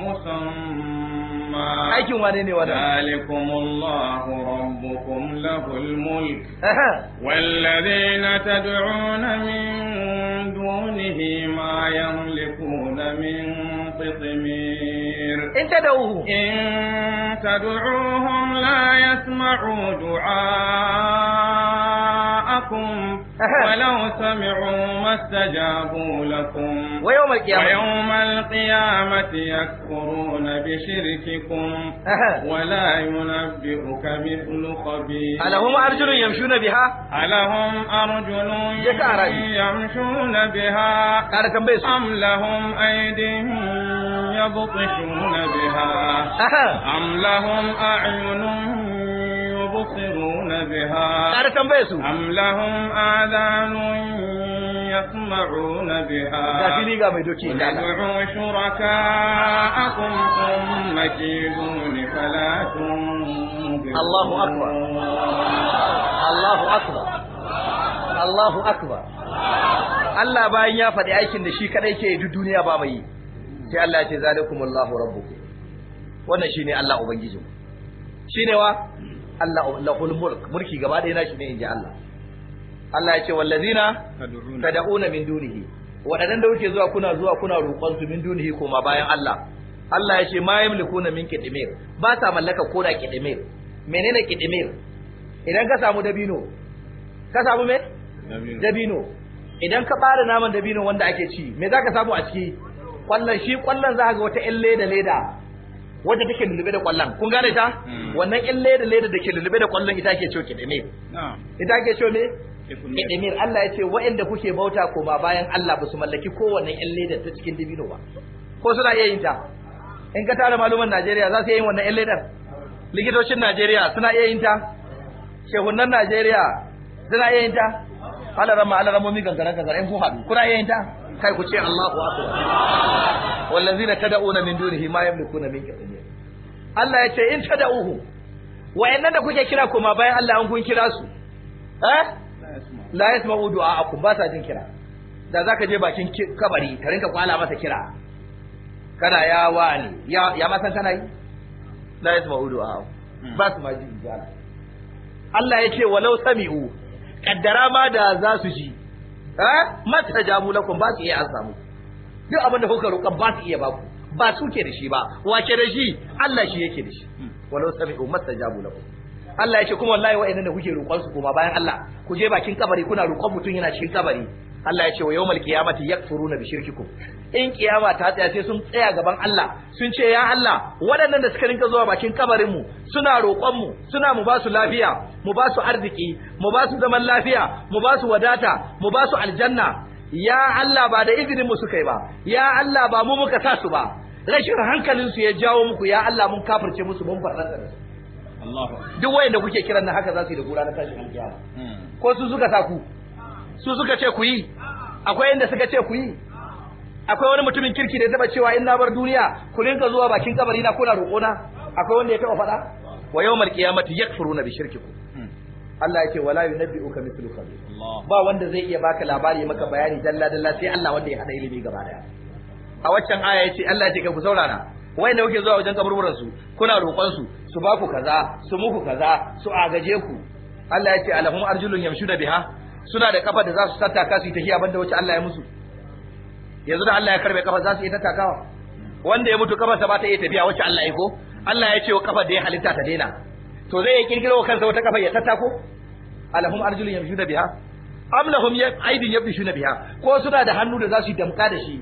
S1: مسمى ذلكم الله ربكم له الملك والذين تدعون من دونه ما يملكون من قطمير إن تدعوهم إن تدعوهم لا يسمعوا دعاءكم ولو سمعوا ما استجابوا لكم ويوم القيامة ويوم القيامة يكفرون بشرككم ولا ينبئك مثل خبير ألهم أرجل يمشون بها ألهم أرجل يمشون بها أم لهم أيديهم يبطشون بها أم لهم أعين يبصرون بها أم لهم آذان يسمعون بها ندعوا شركاءكم ثم كيدون فلا تنظرون الله أكبر الله أكبر
S3: الله أكبر Allah bayan ya faɗi aikin da shi kaɗai ke duk duniya ba mai yi. sai Allah ya ce Allahu rabbukum wannan shine Allah ubangijin shine wa Allah lahul mulk mulki gaba ɗaya shi ne inji Allah Allah ya ce wallazina tad'una min dunihi waɗannan da kuke zuwa kuna zuwa kuna roƙon su min dunihi koma bayan Allah Allah ya ce ma yamlikuna min kidimir ba ta mallaka ko koda kidimir menene kidimir idan ka samu dabino ka samu me dabino idan ka bada naman dabino wanda ake ci me zaka samu a ciki kwallon shi kwallon za ga wata 'yan leda leda wadda take lullube da kwallon kun gane ta hmm. wannan 'yan leda leda da ke lullube da kwallon ita ke cewa kidimir ita ke cewa me kidimir Allah ya ce wa'inda kuke bauta ko ba bayan Allah ba su mallaki kowanne 'yan leda ta cikin dibino ba ko suna iya yin ta in ka tara maluman Najeriya za su iya yin wannan 'yan ledar likitocin Najeriya suna iya yin ta shehunan Najeriya suna iya yin ta alarama alaramomi gangaren gangaren ko haɗu kuna iya yin ta kai ku ce Allahu
S2: akbar
S3: ladzina tad'una min dunihi ma yamlikuna min qitmir Allah ya ce in tad'uhu inna da kuke kira kuma bayan Allah an kun kira su eh la yasma'u du'a'akum ba sa jin kira da zaka je bakin kabari ka rinka kwala masa kira kana ya wani ya ya ma san kana yi la yasma'u du'a'akum ba su ma jin Allah ya ce walau sami'u kaddara ma da za su ji eh mata jamu lakum ba su iya an samu duk abin da kuka roƙa ba su iya baku ba su ke da shi ba wace da shi Allah shi yake da shi hmm. walau sami'u mata jamu lakum Allah ya ce kuma wallahi wa'annan da kuke roƙon su kuma bayan Allah ku je bakin kabari kuna roƙon mutum yana cikin kabari Allah ya ce wa yawmal qiyamati yakfuruna bi shirkikum in kiyama ta tsaya sai sun tsaya gaban Allah sun ce ya Allah waɗannan da suka rinka zuwa bakin kabarin mu suna roƙon mu suna mu ba su lafiya mu ba su arziki mu ba su zaman lafiya mu ba su wadata mu ba su aljanna ya Allah ba da izinin mu suka yi ba ya Allah ba mu muka sa su ba rashin hankalin su ya jawo muku ya Allah mun kafirce musu mun farlanta da su duk wayanda kuke kiran nan haka za su yi da gura na tashin alkiyama hmm. ko su suka sa ku su suka ce ku yi akwai inda suka ce ku yi akwai wani mutumin kirki da ya taba cewa in na bar duniya ku rinka zuwa bakin kabari na kuna roƙona akwai wanda ya taba faɗa wa yawmal qiyamati yakfuruna bi shirkikum hmm. Allah yake wala yunabbi'uka mithlu khabir ba wanda zai iya baka labari maka bayani dalla dalla sai Allah wanda ya hada ilimi gaba daya a waccan aya yace Allah yake ku saurara wayanda kuke zuwa wajen kaburburan su kuna roƙon su su ba ku kaza su muku kaza su agaje ku Allah ya ce alahum arjulun yamshuna biha suna da kafa da za su tattaka su yi tahiya banda wacce Allah ya musu yanzu da Allah ya karbe kafa za su yi tattakawa wanda ya mutu sa ba ta iya tafiya wacce Allah ya ko Allah ya ce wa kafa da ya halitta ta daina to zai iya kirkiro kansa wata kafa ya tattako alahum arjulun yamshuna biha am lahum aydin yabshuna biha ko suna da hannu da za su yi damka da shi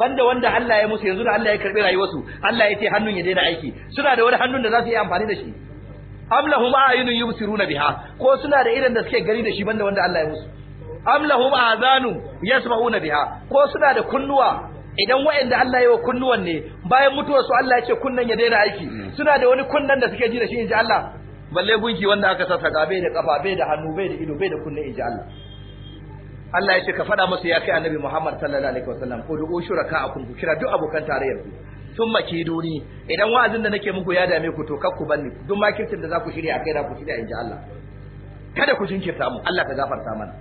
S3: banda wanda Allah ya musu yanzu da Allah ya karbi rayuwarsu Allah ya ce hannun ya daina aiki suna da wani hannun da za su yi amfani da shi am lahum a'yunun yubsiruna biha ko suna da idan da suke gari da shi banda wanda Allah ya musu am lahum azanu yasma'una biha ko suna da kunnuwa idan wa'anda Allah ya wa kunnuwan ne bayan mutuwar su Allah ya ce kunnan ya daina aiki suna da wani kunnan da suke ji da shi inji Allah balle gunki wanda aka sassa bai da kafa bai da hannu bai da ido bai da kunne inji Allah Allah ya ce ka faɗa masa ya kai annabi Muhammad sallallahu alaihi wasallam ko du'u shuraka akum ku kira duk abokan tarayyar ku tun duni idan wa'azin da nake muku ya dame ku to kar ku banni duk makircin da za ku shirya kai da ku shirya inji Allah kada ku jinke mu Allah ka gafarta mana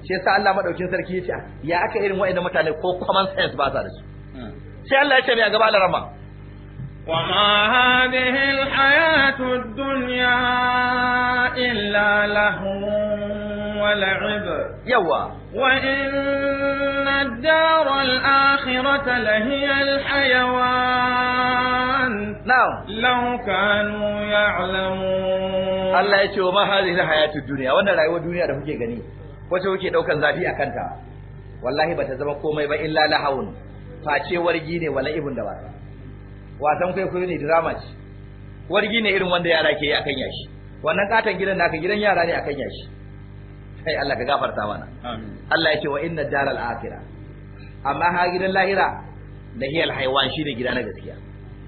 S3: shi yasa Allah madaukin sarki ya ce ya aka irin wa'annan mutane ko common sense ba sa da su
S1: hmm. sai Allah ya ce
S3: mai gaba gaba rama
S1: وما هذه الحياة الدنيا إلا لهو ولعب يوا وإن الدار الآخرة لهي الحيوان نعم لو كانوا
S3: يعلمون الله يتوب هذه الحياة الدنيا وانا رأيوا الدنيا ده كي غني wace kuke daukan zafi a kanta wallahi bata zama komai ba illa lahawun face wargi ne wala ibun da wasa wasan kwaikwayo ne drama ce wargi ne irin wanda yara ke yi akan yashi wannan katon gidan naka gidan yara ne akan yashi kai Allah ka gafarta mana Allah ya ce wa inna daral akhirah amma ha gidan lahira da hiyal haiwan shi ne gida na gaskiya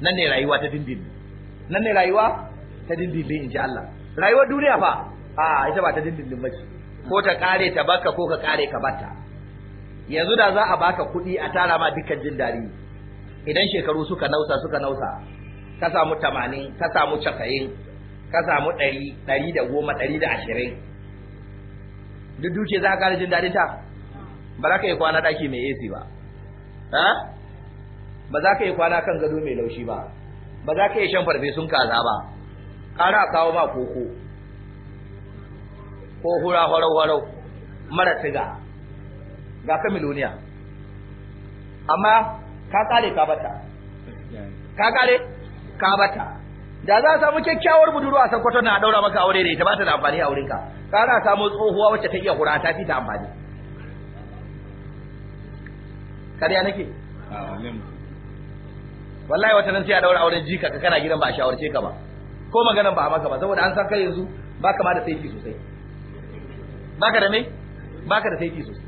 S3: nan ne rayuwa ta dindin nan ne rayuwa ta dindin in ji Allah rayuwar duniya fa a ita ba ta dindin ba ce ko ta kare ta baka ko ka kare ka bata yanzu da za a baka kuɗi a tara ma dukkan jin daɗi idan shekaru suka nausa suka nausa ka samu tamanin ka samu cakayin ka samu ɗari ɗari da goma ɗari da ashirin duk duke za ka jin daɗin ta ba za ka yi kwana ɗaki mai AC ba ba za ka yi kwana kan gado mai laushi ba ba za ka yi shan farfesun kaza ba ƙara a kawo ma koko ko hura horo horo mara siga ga ka miloniya amma ka kare ka bata ka kare ka bata da za a samu kyakkyawar budurwa a sakkwato na daura maka aure ne ta ba ta da amfani a wurinka ka za a samu tsohuwa wacce ta iya hura ta fi ta amfani kariya nake wallahi wata nan sai a daura auren jika ka kana gidan ba a shawarce ka ba ko maganan ba a maka ba saboda an san kai yanzu ba ma da saiti sosai ba ka da me ka da saiti sosai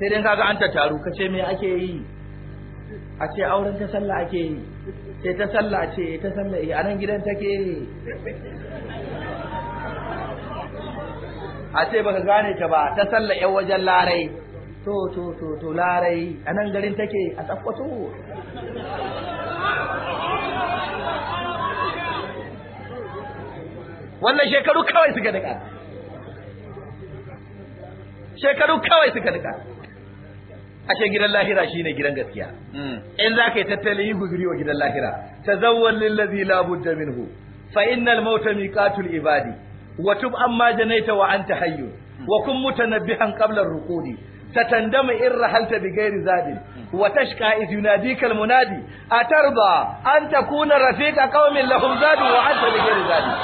S3: sai dai ka ga an tattaru ce me ake yi a ce auren ta sallah ake yi sai ta sallah ce ta sallah eh, a nan gidan take a ce baka gane ta ba ta sallah yan wajen larai to to to to larai a nan garin take a tsakwato wannan shekaru kawai suka daga shekaru kawai suka daga ashe gidan lahira shine gidan gaskiya hmm. in za ka yi tattalin yi guzuri wa gidan lahira tazawwal lillazi Labudda minhu fa innal mauta miqatul ibadi wa tub amma janaita wa anta hayyu hmm. wa kun mutanabbihan qabla ar-ruqudi satandama in rahalta bi ghairi hmm. wa tashqa iz yunadika al-munadi atarda an takuna rafiqa qaumin lahum zadu wa anta bi ghairi zadin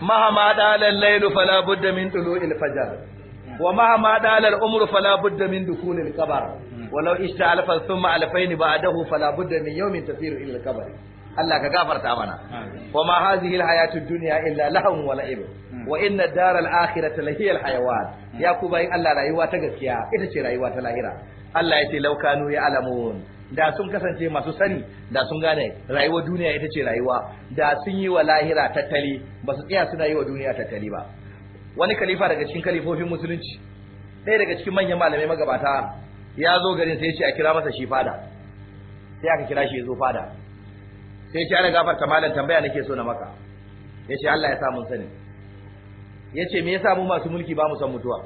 S3: mahama dalal laylu fala budda min tulu'il fajr wa mahama dalal umru fala budda min dukhul al qabr walau ishta alfan thumma alfayn ba'dahu fala budda min yawmin tasiru ila al qabr Allah ka gafarta mana wa ma hadhihi al hayatu dunya illa lahum wa la'ib hmm. wa inna dar al akhirati la hiya al hayawan hmm. ya ku bayin Allah rayuwa ta gaskiya ita ce rayuwa ta lahira Allah ya ce laukanu ya alamun da sun kasance masu sani da sun gane rayuwar duniya ita ce rayuwa da sun yi wa lahira tattali ba su tsaya suna yi wa duniya tattali ba wani khalifa daga cikin kalifofin musulunci ɗaya daga cikin manyan malamai magabata ya zo garin sai ya ce a kira masa shi fada sai aka kira shi ya zo fada sai ya ce ana gafarta malam tambaya nake so na maka ya ce Allah ya sa mun sani ya ce me yasa mu masu mulki ba mu san mutuwa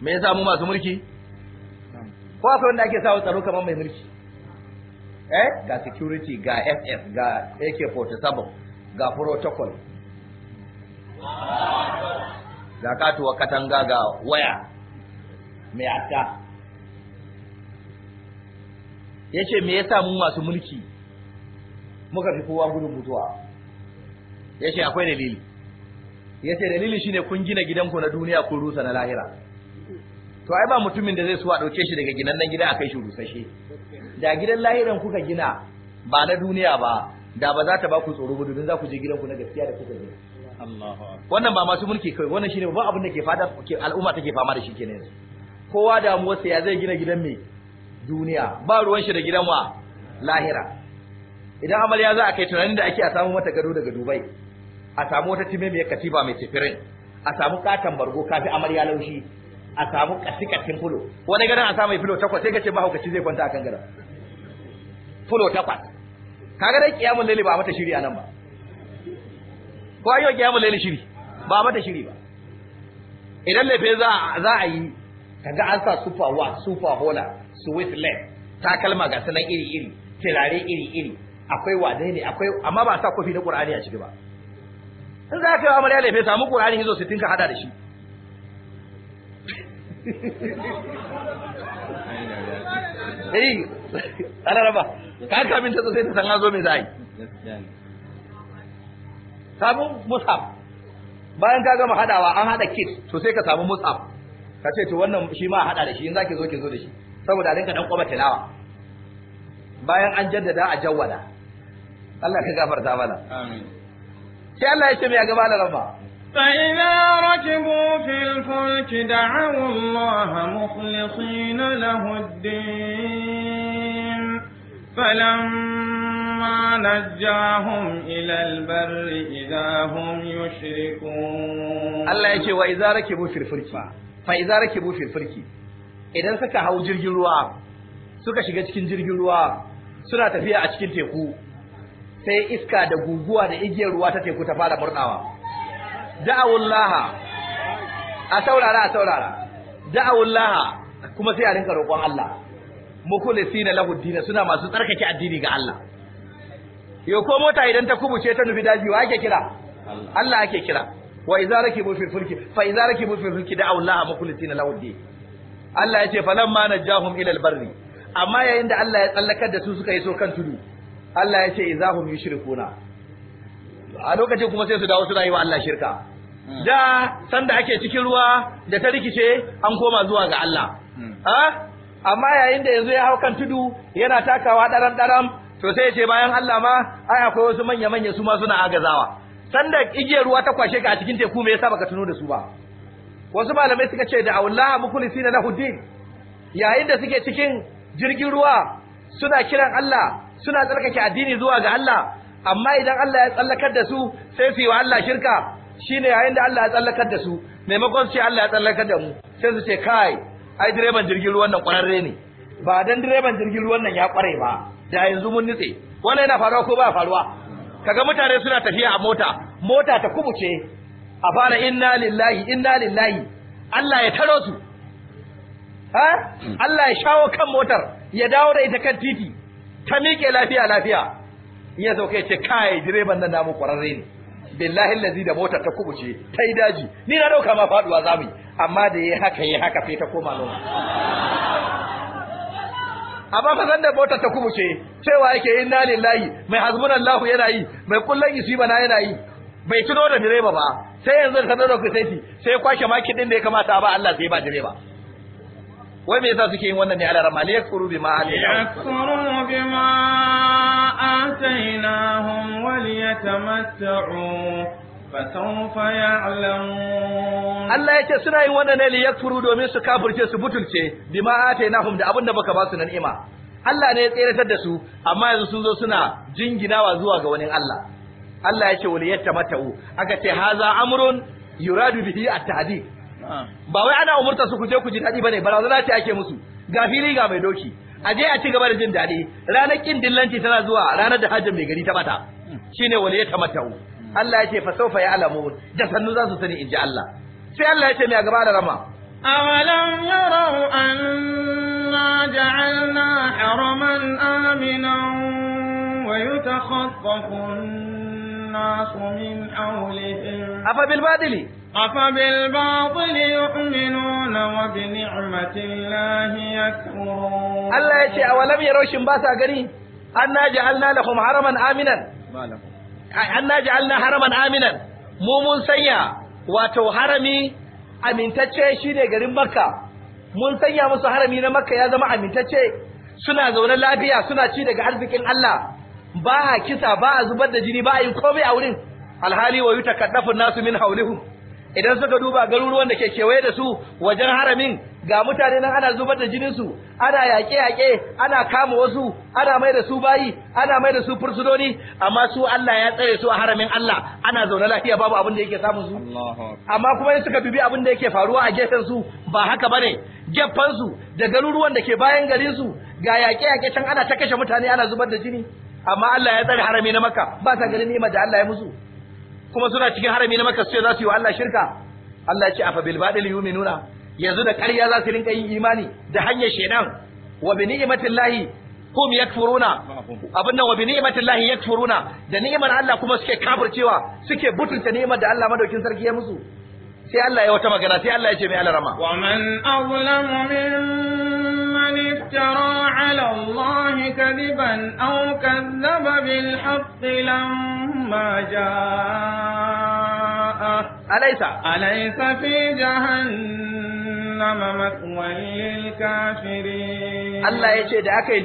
S3: me yasa mu masu mulki ko akwai wanda ake sa tsaro kamar mai mulki eh ga security ga FF, ga ak47 ga protocol zakatu wa katanga ga waya mai atta ya ce me yasa mu masu mulki muka fi kowa gudun mutuwa ya ce akwai dalili ya ce dalili shine kun gina gidanku na duniya kun rusa na lahira to ai ba mutumin da zai suwa ɗauke shi daga gidan nan gida a kai shi rusashe da gidan lahiran kuka gina ba na duniya ba da ba za ta ba ku tsoro ba domin za ku je gidanku na gaskiya da kuka gina wannan ba masu mulki kai wannan shine ba abin da ke fada ke al'umma take fama da shi kenan yanzu kowa mu wasa ya zai gina gidan me duniya ba ruwan shi da gidan wa lahira idan amarya za a kai tunanin da ake a samu mata gado daga Dubai a samu wata time mai katifa mai tifirin a samu katan bargo kafi amarya laushi a samu kasikatin fulo wani garin a samu fulo takwas sai ka ce mahaukaci zai kwanta akan garin fulo takwas kaga dai kiyamun lalle ba mata shiri a nan ba ko an yi wa laili shiri ba mata shiri ba idan laife za a yi kaga an sa super wa super hola sweet leg takalma ga sanan iri iri tirare iri iri akwai dai ne akwai amma ba sa kofi na qur'ani a ciki ba in za ka yi amarya laife samu qur'ani hizo sittin ka hada da shi
S2: eh ana raba
S3: ka min ta sai ta san zo me samu mus'ab. bayan ka gama hadawa an hada kit to sai ka samu mus'ab. ka ce to wannan shi ma hada da shi in zaki zo ki zo da shi saboda rinka dan kwaba tilawa bayan an jaddada a jawwada Allah ka gafarta mana amin
S1: sai Allah ya ce mai gaba da rabba فإذا ركبوا في الفلك دعوا الله مخلصين له الدين فلما نجاهم إلى البر إذا هم يشركون الله يكي وإذا ركبوا
S3: في الفلك فإذا ركبوا في الفلك إذا سكا هاو ruwa suka shiga cikin jirgin ruwa suna tafiya a cikin teku sai iska da guguwa da igiyar ruwa ta teku ta fara murdawa da'awullaha a saurara a saurara da'awullaha kuma sai a rinka roƙon Allah mukhlisina lahu din suna masu tsarkake addini ga Allah yo ko mota idan ta kubuce ta nufi daji wa ake kira Allah ake kira wa idza rakibu fil fulki fa idza rakibu fil fulki da Allah mukhlisina lahu din Allah yace falamma najahum ila al barri amma yayin da Allah ya tsallakar da su suka yi so kan tudu Allah yace izahum yushrikuna a lokacin kuma sai su dawo suna yi wa Allah shirka da sanda ake cikin ruwa da ta rikice an koma zuwa ga Allah hmm. a amma yayin da yanzu ya hau kan tudu yana takawa daram daram to sai ya ce bayan Allah ma ai akwai wasu manya manya su ma suna agazawa sanda igiyar ruwa ta kwashe ka a cikin teku me yasa baka tuno da su ba wasu malamai suka ce da Allah Sina na din yayin da suke cikin jirgin ruwa suna kiran Allah suna tsarkake addini zuwa ga Allah amma idan Allah ya tsallakar da su sai su yi wa Allah shirka shine yayin da Allah ya tsallakar da su maimakon su ce Allah ya tsallakar da mu sai su ce kai ai direban jirgin ruwan nan kwararre ne ba dan direban jirgin ruwan nan ya kware ba da yanzu mun nitse wannan yana faruwa ko ba faruwa kaga mutane suna tafiya a mota mota ta kubuce a fara inna lillahi inna lillahi Allah ya taro su ha Allah ya shawo kan motar ya dawo da ita kan titi ta miƙe lafiya lafiya ya zo kai ce kai direban nan da mu kwararre ne billahi allazi da motar ta kubuce ta yi daji ni na dauka ma faduwa zamu amma da yayi haka yayi haka sai ta koma loma amma fa san da motar ta kubuce cewa yake inna lillahi mai lahu yana yi mai isi bana yana yi bai tuno da direba ba sai yanzu ka dauka sai sai sai kwashe maki din da ya kamata ba Allah sai ba direba wai me yasa suke yin wannan ne ala rama liyakfuru bima
S1: liyakfuru bima atainahum wa fa fasawfa ya'lamun Allah yake
S3: suna yin wannan ne liyakfuru domin su kafirce su butulce bima atainahum da abinda baka ba su nan ima Allah ne ya tseratar da su amma yanzu sun zo suna jinginawa zuwa ga wani Allah Allah yake wali mata'u aka ce haza amrun yuradu bihi at-tahdid ba wai ana umurta su kuje je ku ji daɗi bane barazana ce ake musu ga fili ga mai doki a je a ci gaba da jin daɗi ranar kin dillanci tana zuwa ranar da hajjin mai gari ta bata shine wani ya tamattau Allah ya ce fa ya alamu da sannu za su sani ji Allah sai Allah ya ce mai gaba da rama
S1: أولم يروا أنا nasu min afa bil badili أفبالباطل يؤمنون وبنعمة الله يكفرون الله يشي أولم يروا شمباسا قري أنا جعلنا لهم حرما آمنا
S3: أنا جعلنا حرما آمنا mu mun sanya wato harami amintacce shine garin makka mun sanya musu harami na makka ya zama amintacce suna zaune lafiya suna ci daga arzikin Allah ba a kisa ba a zubar da jini ba a yi komai a wurin alhali wa yutakaddafu nasu min haulihum idan suka duba garuruwan da ke kewaye da su wajen haramin ga mutane nan ana zubar da jininsu ana yaƙe-yaƙe ana kama wasu ana mai da su bayi ana mai da su fursunoni amma su Allah ya tsare su a haramin Allah ana zaune lafiya babu abin da yake samun su amma kuma in suka bibi abin da yake faruwa a gefen su ba haka bane gefen su da garuruwan da ke bayan garin su ga yaƙe-yaƙe can ana ta kashe mutane ana zubar da jini amma Allah ya tsare harami na Makka ba ta garin ni'imar da Allah ya musu kuma suna cikin harami na Makka sai za su yi wa Allah shirka Allah ya ce afa bil badil yu'minuna yanzu da ƙarya za su rinka yin imani da hanyar shedan wa bi ni'matillahi hum yakfuruna abin nan wa bi ni'matillahi yakfuruna da ni'imar Allah kuma suke kafircewa suke butulta ni'imar da Allah madaukin sarki ya musu sai Allah ya wata magana sai Allah ya ce mai alarama
S1: wa man azlamu mimman iftara ala Allah kadiban aw kadzaba bil haqqi lam ما جاءه أليس أليس في جهنم مثوى للكافرين الله يشهد
S3: أكي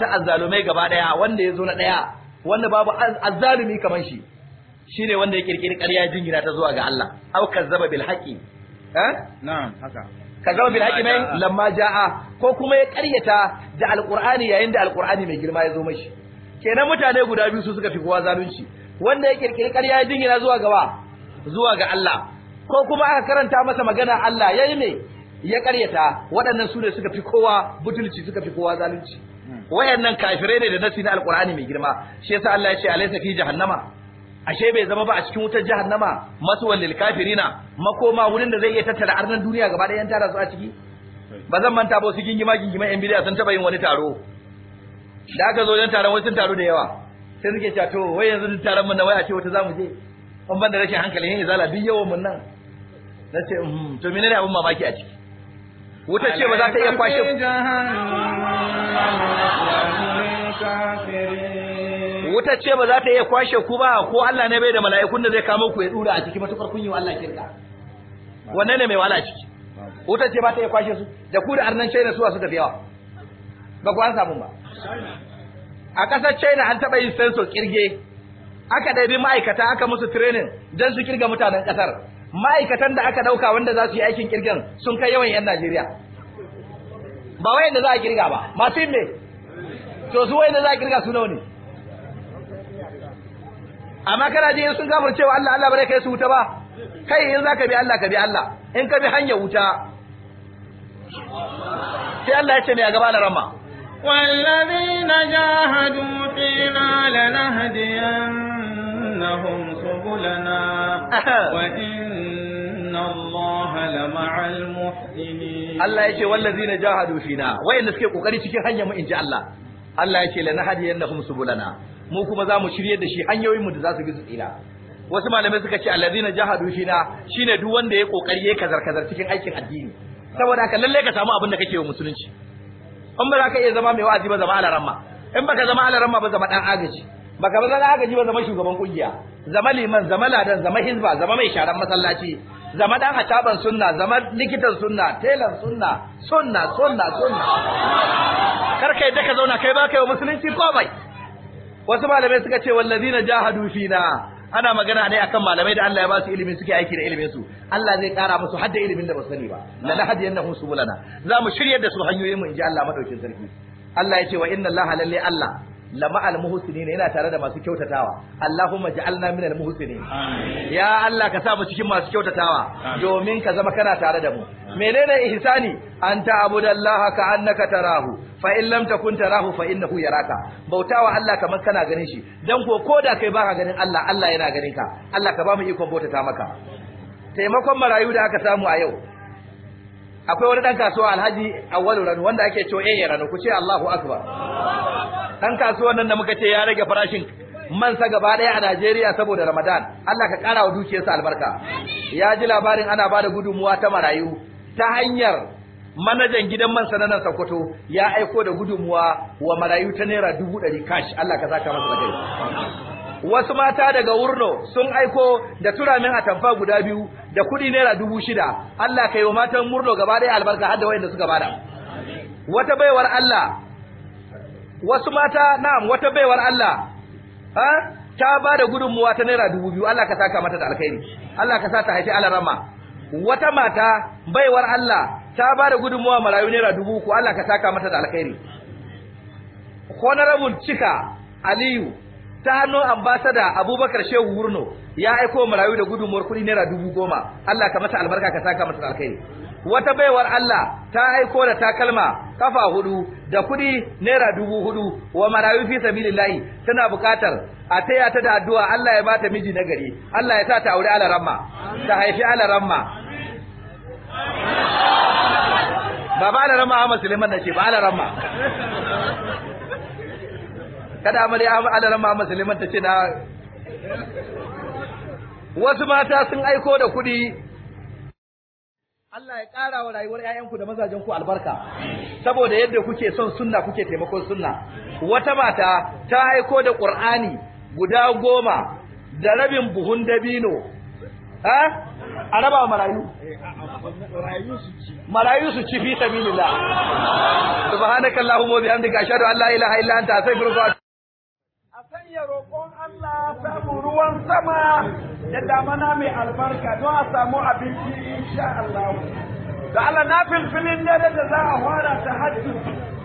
S3: ta azzalumai gaba daya wanda ya zo na daya wanda babu azzalumi kaman shi shine wanda ya kirkiri ƙarya jingira ta zuwa ga Allah au kazzaba bil haqi eh na'am haka kazzaba bil haqi mai lamma jaa ko kuma ya ƙaryata da alqur'ani yayin da alqur'ani mai girma ya zo mashi kenan mutane guda biyu su suka fi kowa zalunci wanda ya kirkiri ƙarya ya jingina zuwa gaba, zuwa ga Allah ko kuma aka karanta masa magana Allah yayi me ya ƙaryata waɗannan su ne suka fi kowa butulci suka fi kowa zalunci wayannan kafirai ne da nasi na alqur'ani mai girma shi yasa Allah ya ce alaysa fi jahannama ashe bai zama ba a cikin wutar jahannama maswal lil kafirina makoma wurin da zai iya tattara arnan duniya gaba ɗaya yan tara su a ciki ba zan manta ba su gingima gingima yan bidiya sun taɓa yin wani taro da aka zo yan taron wasu taro da yawa sai suke cewa to wai yanzu taron mun na waya ce wata zamu je an ban da rashin hankali yin izala duk yawan mun nan na ce hmm, to menene abin mamaki a ciki wuta ce ba za ta iya kwashe wuta ce ba za ta iya kwashe ku ba ko Allah ne bai da mala'ikun da zai kama ku ya dura a ciki matukar kun yi wa Allah kirka wanne ne mai wala ciki wuta ce ba ta iya kwashe su da ku da arnan shaida su wasu tafi yawa ba ku an samu ba a ƙasar china an taɓa yin sensor kirge aka ɗabi ma'aikata aka musu training don su kirga mutanen ƙasar ma'aikatan da aka ɗauka wanda za su yi aikin kirgin sun kai yawan 'yan najeriya ba wayan da za a kirga ba masu yin ne to su wayan da za a kirga su nawa ne amma kana ji sun gamar cewa Allah Allah bare kai su wuta ba kai in za ka bi Allah ka bi Allah in ka bi hanyar wuta sai Allah ya ce mai a gaba na rama
S1: والذين جاهدوا فينا لنهدينهم سبلنا وإن الله لمع المحسنين الله يشي والذين جاهدوا فينا وإن سكي قوكري cikin hanyar mu inji
S3: Allah Allah ya ce lanahdiyannahum mu kuma za mu shirye da shi hanyoyin mu da za su bi su tsira wasu malamai suka ce allazina jahadu fina shine duk wanda ya kokari ya kazar kazar cikin aikin addini saboda haka lalle ka samu abin da kake wa musulunci in ba za ka iya zama mai wa'azi ba zama alaramma in baka zama alaramma ba zama dan agaji baka ba zama agaji ba zama shugaban kungiya zama liman zama ladan zama hizba zama mai sharan masallaci zama dan ataban sunna zama likitan sunna telan sunna sunna sunna sunna kar kai da ka zauna kai ba kai wa musulunci komai wasu malamai suka ce wallazina jahadu fina ana magana ne akan malamai da Allah ya ba su ilimi suke aiki da ilimin su Allah zai kara musu hadda ilimin da ba sani ba la lahdiyannahum subulana za mu shiryar da su hanyoyin mu inji Allah madaukin sarki Allah ya ce wa inna Allah lalle Allah lama al ne yana tare da masu kyautatawa Allahumma ja'alna minal muhsinin ya Allah ka sa mu cikin masu kyautatawa domin ka zama kana tare da mu menene ihsani anta abudallaha ka annaka tarahu fa in lam takun tarahu fa innahu yaraka bautawa Allah kamar kana ganin shi dan ko koda kai baka ganin Allah Allah yana ganin ka Allah ka ba mu ikon bautata maka taimakon marayu da aka samu a yau akwai wani dan kasuwa Alhaji Awwalu Rano wanda ake cewa eh Rano ku ce Allahu akbar dan kasuwan nan da muka ce ya rage farashin man sa gaba daya a Najeriya saboda Ramadan Allah ka karawa wa sa albarka ya ji labarin ana bada gudunmuwa ta marayu ta hanyar manajan gidan man sa nan Sokoto ya aiko da gudunmuwa wa marayu ta naira dubu ɗari cash Allah ka saka masa bakai wasu mata daga Wurno sun aiko da turamin atamfa guda biyu da kuɗi naira dubu shida Allah ka yi wa matan Wurno gaba daya albarka har da wayanda suka bada wata baiwar Allah wasu mata na'am wata baiwar Allah ha ta ba da gudunmuwa ta naira dubu biyu Allah ka saka mata da alkhairi Allah ka sa ta haifi alarama wata mata baiwar Allah ta bada da gudunmuwa marayu naira dubu uku Allah ka saka mata da alkhairi honorable cika aliyu ta hannun ambasada abubakar shehu wurno ya aiko marayu da gudunmuwar kuɗi naira dubu goma Allah ka mata albarka ka saka mata da alkhairi wata baiwar Allah ta aiko da takalma kafa hudu da kudi naira dubu hudu wa marayu fi sabilillahi tana bukatar a taya ta da addu'a Allah ya bata miji na gari Allah ya sa ta aure ramma ta haifi alaramma ba ba alaramma Ahmad Suleiman shi ba alaramma kada a alaramma Ahmad Suleiman ce na wasu mata sun aiko da kudi Allah ya ƙara wa rayuwar ‘ya'yanku da mazajenku albarka, saboda yadda kuke son sunna kuke taimakon sunna. Wata mata ta haiko da ƙur'ani guda goma da rabin buhun dabino, ha? A raba marayu? Marayu su ci fi sabi Subhanakallahumma Subhanakallahu ashhadu an Allah ila haila, an ta sai
S1: samu ruwan
S3: sama da damana mai albarka don a samu abinci insha Allah. Da Allah na filfilin dare da za a fara ta hajji